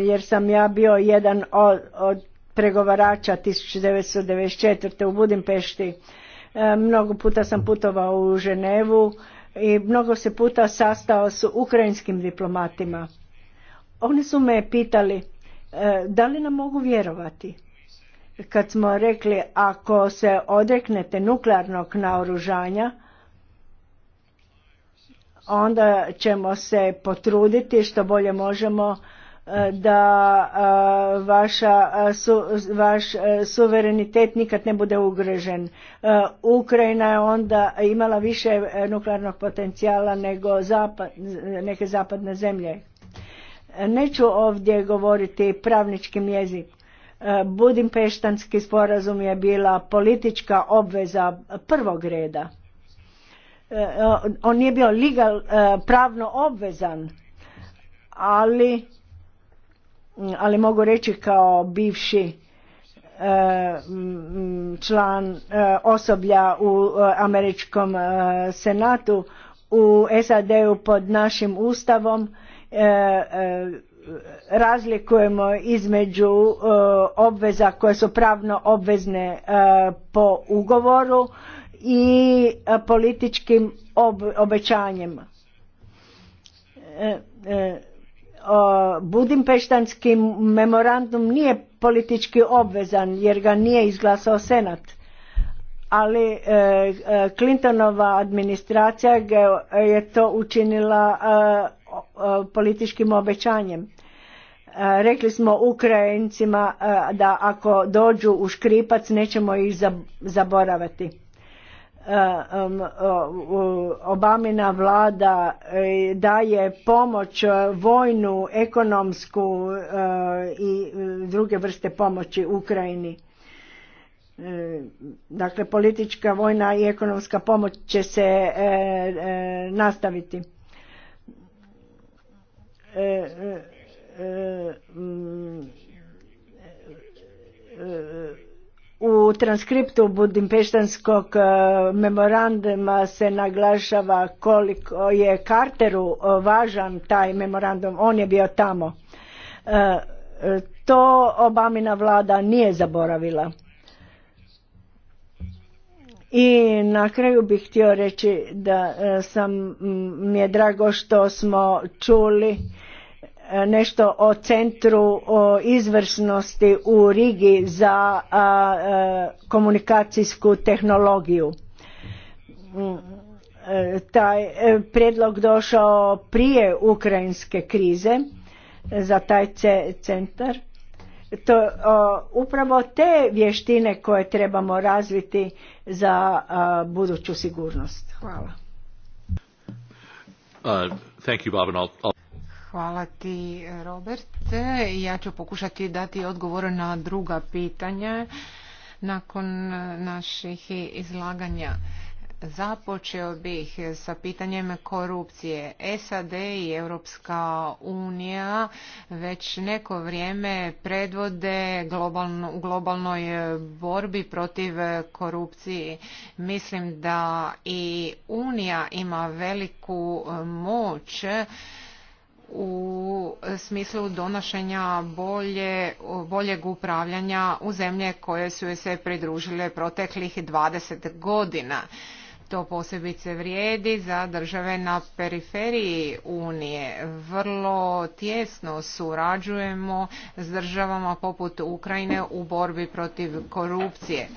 jer sam ja bio jedan od pregovarača 1994. u Budimpešti. E, mnogo puta sam putovao u Ženevu i mnogo se puta sastao s ukrajinskim diplomatima. Oni su me pitali da li nam mogu vjerovati kad smo rekli ako se odreknete nuklearnog naoružanja, onda ćemo se potruditi što bolje možemo e, da e, vaša, e, vaš suverenitet nikad ne bude ugrožen. Ukrajina je onda imala više nuklearnog potencijala nego zapad, neke zapadne zemlje. Neću ovdje govoriti pravničkim jezikom E, Budimpeštanski sporazum je bila politička obveza prvog reda. E, on nije bio legal, e, pravno obvezan, ali, ali mogu reći kao bivši član osoblja u američkom senatu u SAD-u pod našim ustavom razlikujemo između e, obveza koje su pravno obvezne e, po ugovoru i e, političkim obećanjima. Budimpeštanski memorandum nije politički obvezan jer ga nije izglasao Senat ali Clintonova administracija je to učinila političkim obećanjem. Eh, rekli smo Ukrajincima eh, da ako dođu u škripac nećemo ih zaboravati. Eh, Obamina vlada daje pomoć vojnu, ekonomsku i druge vrste pomoći Ukrajini. Dakle, politička, vojna i ekonomska pomoć će se nastaviti u transkriptu Budimpeštanskog e, memoranduma se naglašava koliko je Carteru e, važan taj memorandum, on je bio tamo. E, to Obamina vlada nije zaboravila. I na kraju bih htio reći da sam mi je drago što smo čuli nešto o centru izvrsnosti u Rigi za e, komunikacijsku tehnologiju. Mm, e, taj e, prijedlog došao prije ukrajinske krize za taj centar. To, upravo te vještine koje trebamo razviti za buduću sigurnost. Hvala. Uh, Hvala ti, Robert. Ja ću pokušati dati odgovor na druga pitanja nakon naših izlaganja. Započeo bih sa pitanjem korupcije. SAD i Europska unija već neko vrijeme predvode u globalnoj borbi protiv korupcije. Mislim da i Unija ima veliku moć u smislu donošenja bolje, boljeg upravljanja u zemlje koje su se pridružile proteklih 20 godina. To posebice vrijedi za države na periferiji Unije. Vrlo tjesno surađujemo s državama poput Ukrajine u borbi protiv korupcije.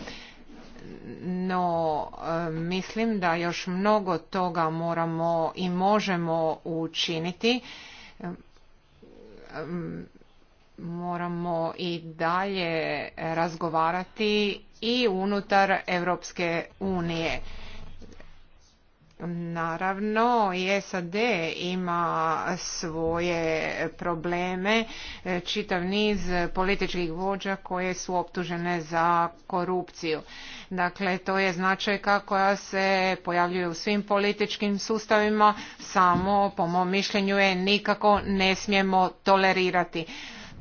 No, e, mislim da još mnogo toga moramo i možemo učiniti moramo i dalje razgovarati i unutar Europske unije. Naravno, SAD ima svoje probleme, e, čitav niz političkih vođa koje su optužene za korupciju. Dakle, to je značajka koja se pojavljuje u svim političkim sustavima, samo po mom mišljenju je nikako ne smijemo tolerirati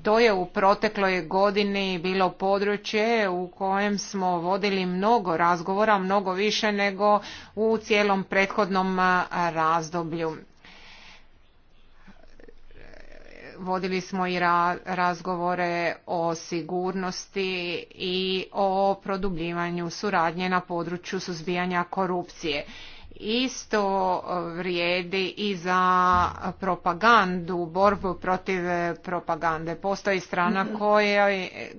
to je u protekloj godini bilo područje u kojem smo vodili mnogo razgovora, mnogo više nego u cijelom prethodnom razdoblju. Vodili smo i razgovore o sigurnosti i o produbljivanju suradnje na području suzbijanja korupcije isto vrijedi i za propagandu, borbu protiv propagande. Postoji strana mhm. koja,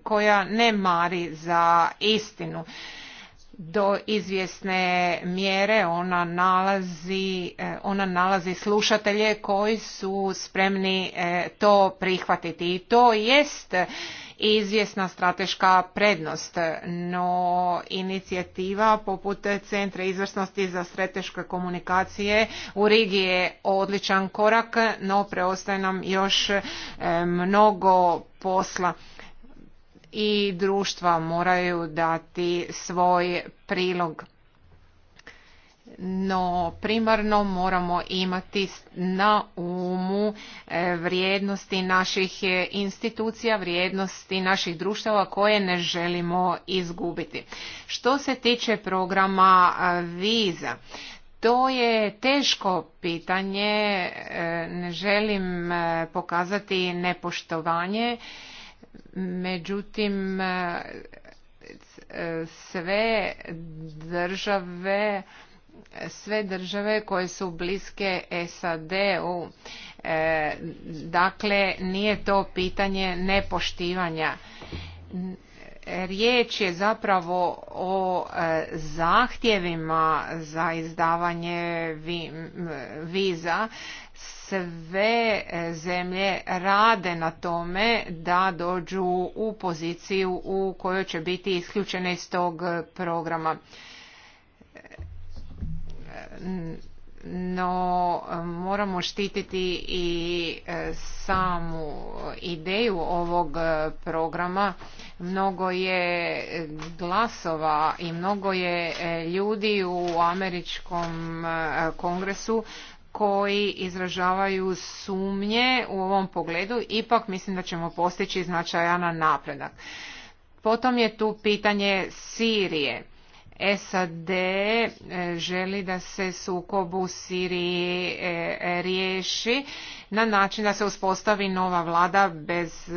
koja ne mari za istinu. Do izvjesne mjere ona nalazi, e, ona nalazi slušatelje koji su spremni e, to prihvatiti. I to jest izvjesna strateška prednost, no inicijativa poput Centra izvrsnosti za strateške komunikacije u Rigi je odličan korak, no preostaje nam još e, mnogo posla i društva moraju dati svoj prilog no primarno moramo imati na umu e, vrijednosti naših e, institucija, vrijednosti naših društava koje ne želimo izgubiti. Što se tiče programa e, viza, to je teško pitanje, ne želim pokazati nepoštovanje, međutim sve države sve države koje su bliske SAD-u. E, dakle, nije to pitanje nepoštivanja. Riječ je zapravo o e, zahtjevima za izdavanje viza. Sve e, zemlje rade na tome da dođu u poziciju u kojoj će biti isključene iz tog programa no moramo štititi i e, samu ideju ovog e, programa. Mnogo je glasova i mnogo je e, ljudi u američkom kongresu koji izražavaju sumnje u ovom pogledu, ipak mislim da ćemo postići značajan napredak. Potom je tu pitanje Sirije SAD e, želi da se sukob u Siriji e, e, riješi na način da se uspostavi nova vlada bez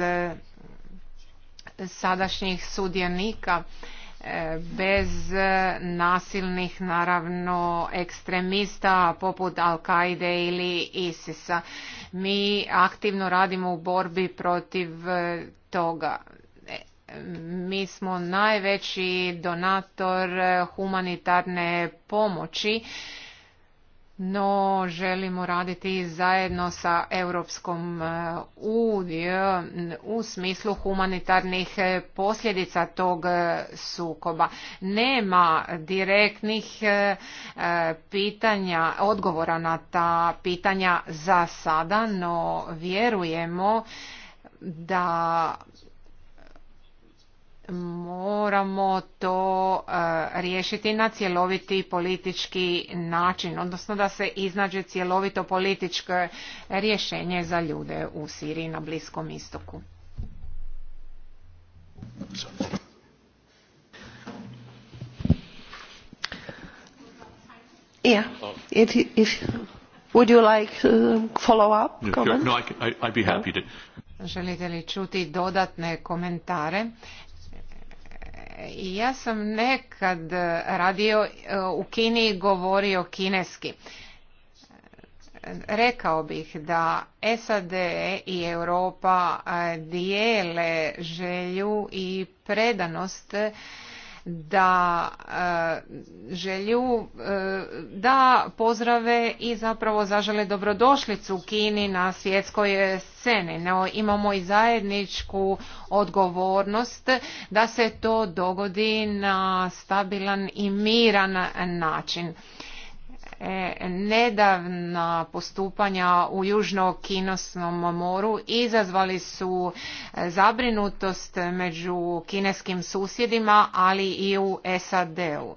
sadašnjih sudionika bez nasilnih naravno ekstremista poput Al-Kaide ili ISIS-a. Mi aktivno radimo u borbi protiv toga mi smo najveći donator e, humanitarne pomoći no želimo raditi zajedno sa Europskom e, u smislu humanitarnih e, posljedica tog sukoba. Nema direktnih pitanja, odgovora na ta pitanja za sada, no vjerujemo da moramo to e, riješiti na cjeloviti politički način, odnosno da se iznađe cjelovito političko rješenje za ljude u Siriji na Bliskom istoku. If, Želite li čuti dodatne komentare? Ja sam nekad radio e, u Kini i govorio kineski. Rekao bih da SAD i Europa e, dijele želju i predanost da e, želju e, da pozdrave i zapravo zažele dobrodošlicu u Kini na svjetskoj sceni. No, imamo i zajedničku odgovornost da se to dogodi na stabilan i miran način nedavna postupanja u Južno-Kinosnom moru izazvali su e, zabrinutost među kineskim susjedima, ali i u SAD-u.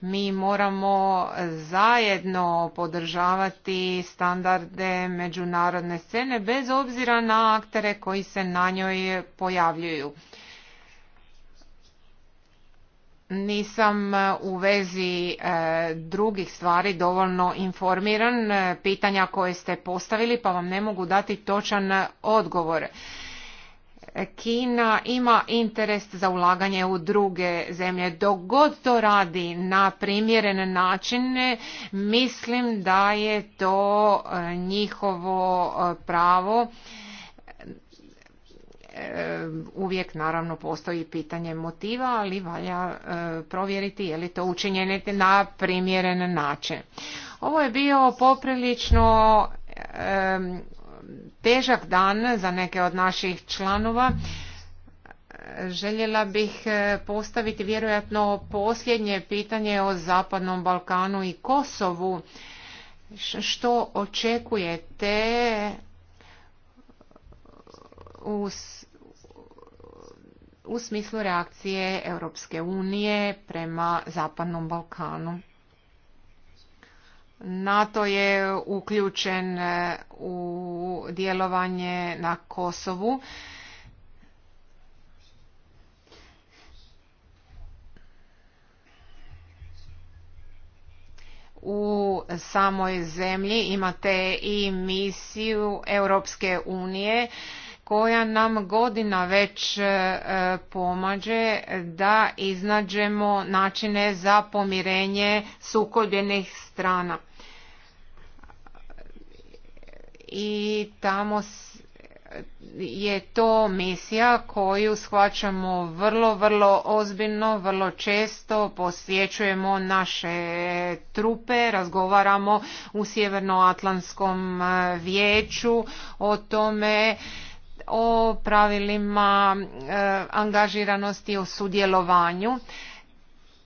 Mi moramo zajedno podržavati standarde međunarodne scene bez obzira na aktere koji se na njoj pojavljuju nisam e, u vezi e, drugih stvari dovoljno informiran e, pitanja koje ste postavili pa vam ne mogu dati točan odgovor. Kina ima interes za ulaganje u druge zemlje. Dok god to radi na primjeren način, mislim da je to njihovo pravo uvijek naravno postoji pitanje motiva, ali valja e, provjeriti je li to učinjeno na primjeren način. Ovo je bio poprilično težak dan za neke od naših članova. Željela bih e, postaviti vjerojatno posljednje pitanje o Zapadnom Balkanu i Kosovu. Što očekujete u u smislu reakcije Europske unije prema Zapadnom Balkanu. NATO je uključen e, u djelovanje na Kosovu. u samoj zemlji imate i misiju Europske unije koja nam godina već e, pomaže da iznađemo načine za pomirenje sukobljenih strana. I tamo je to misija koju shvaćamo vrlo, vrlo ozbiljno, vrlo često posjećujemo naše trupe, razgovaramo u Sjevernoatlantskom e, vijeću o tome o pravilima e, angažiranosti o sudjelovanju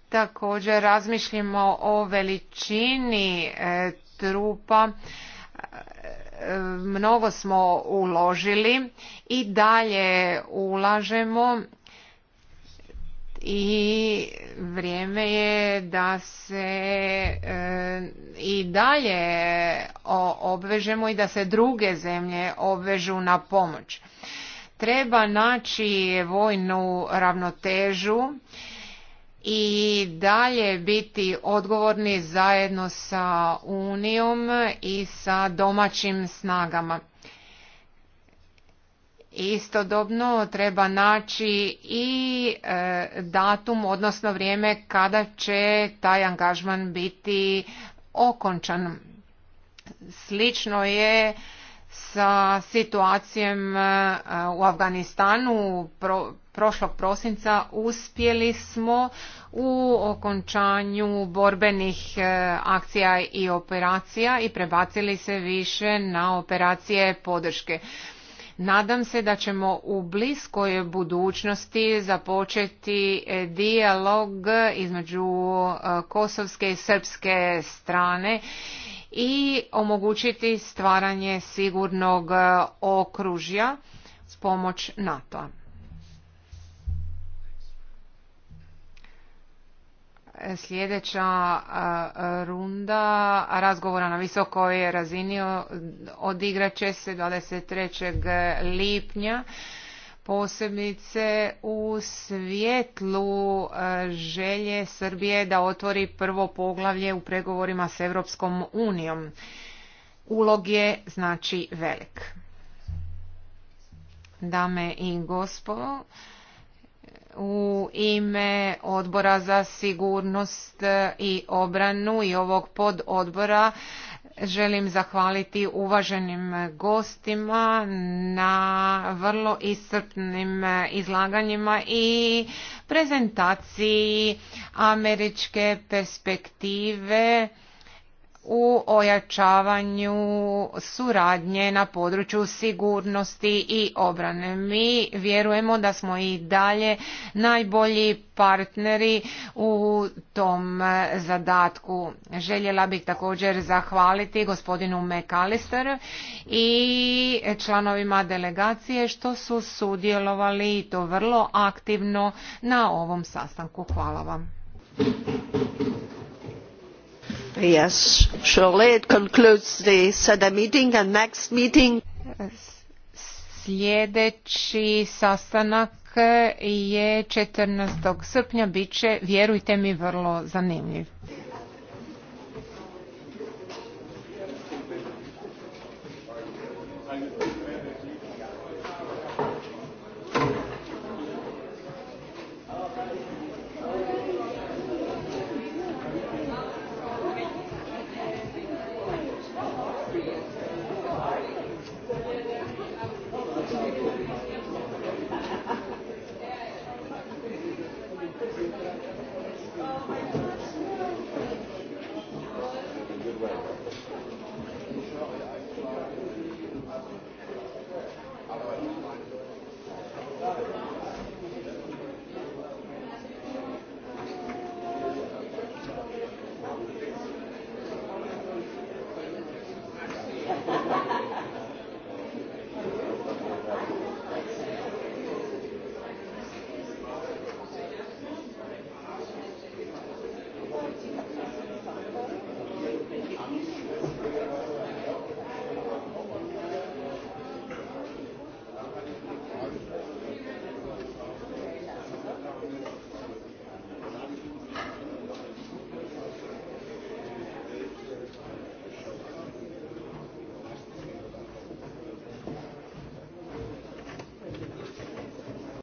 također razmišljamo o veličini e, trupa e, mnogo smo uložili i dalje ulažemo i vrijeme je da se e, i dalje obvežemo i da se druge zemlje obvežu na pomoć. Treba naći vojnu ravnotežu i dalje biti odgovorni zajedno sa Unijom i sa domaćim snagama. Istodobno treba naći i e, datum, odnosno vrijeme kada će taj angažman biti okončan. Slično je sa situacijom e, u Afganistanu prošlog prosinca uspjeli smo u okončanju borbenih e, akcija i operacija i prebacili se više na operacije podrške. Nadam se da ćemo u bliskoj budućnosti započeti e, dijalog između e, kosovske i srpske strane i omogućiti stvaranje sigurnog e, okružja s pomoć NATO-a. Sljedeća runda razgovora na visokoj razini odigrat će se 23. lipnja posebice u svjetlu želje Srbije da otvori prvo poglavlje u pregovorima s Europskom unijom. Ulog je znači velik. Dame i gospodo, u ime odbora za sigurnost i obranu i ovog pododbora želim zahvaliti uvaženim gostima na vrlo iscrpnim izlaganjima i prezentaciji američke perspektive u ojačavanju suradnje na području sigurnosti i obrane. Mi vjerujemo da smo i dalje najbolji partneri u tom zadatku. Željela bih također zahvaliti gospodinu McAllister i članovima delegacije što su sudjelovali i to vrlo aktivno na ovom sastanku. Hvala vam. Yes, concludes the meeting and next meeting. Sljedeći sastanak je 14. srpnja, bit će, vjerujte mi, vrlo zanimljiv.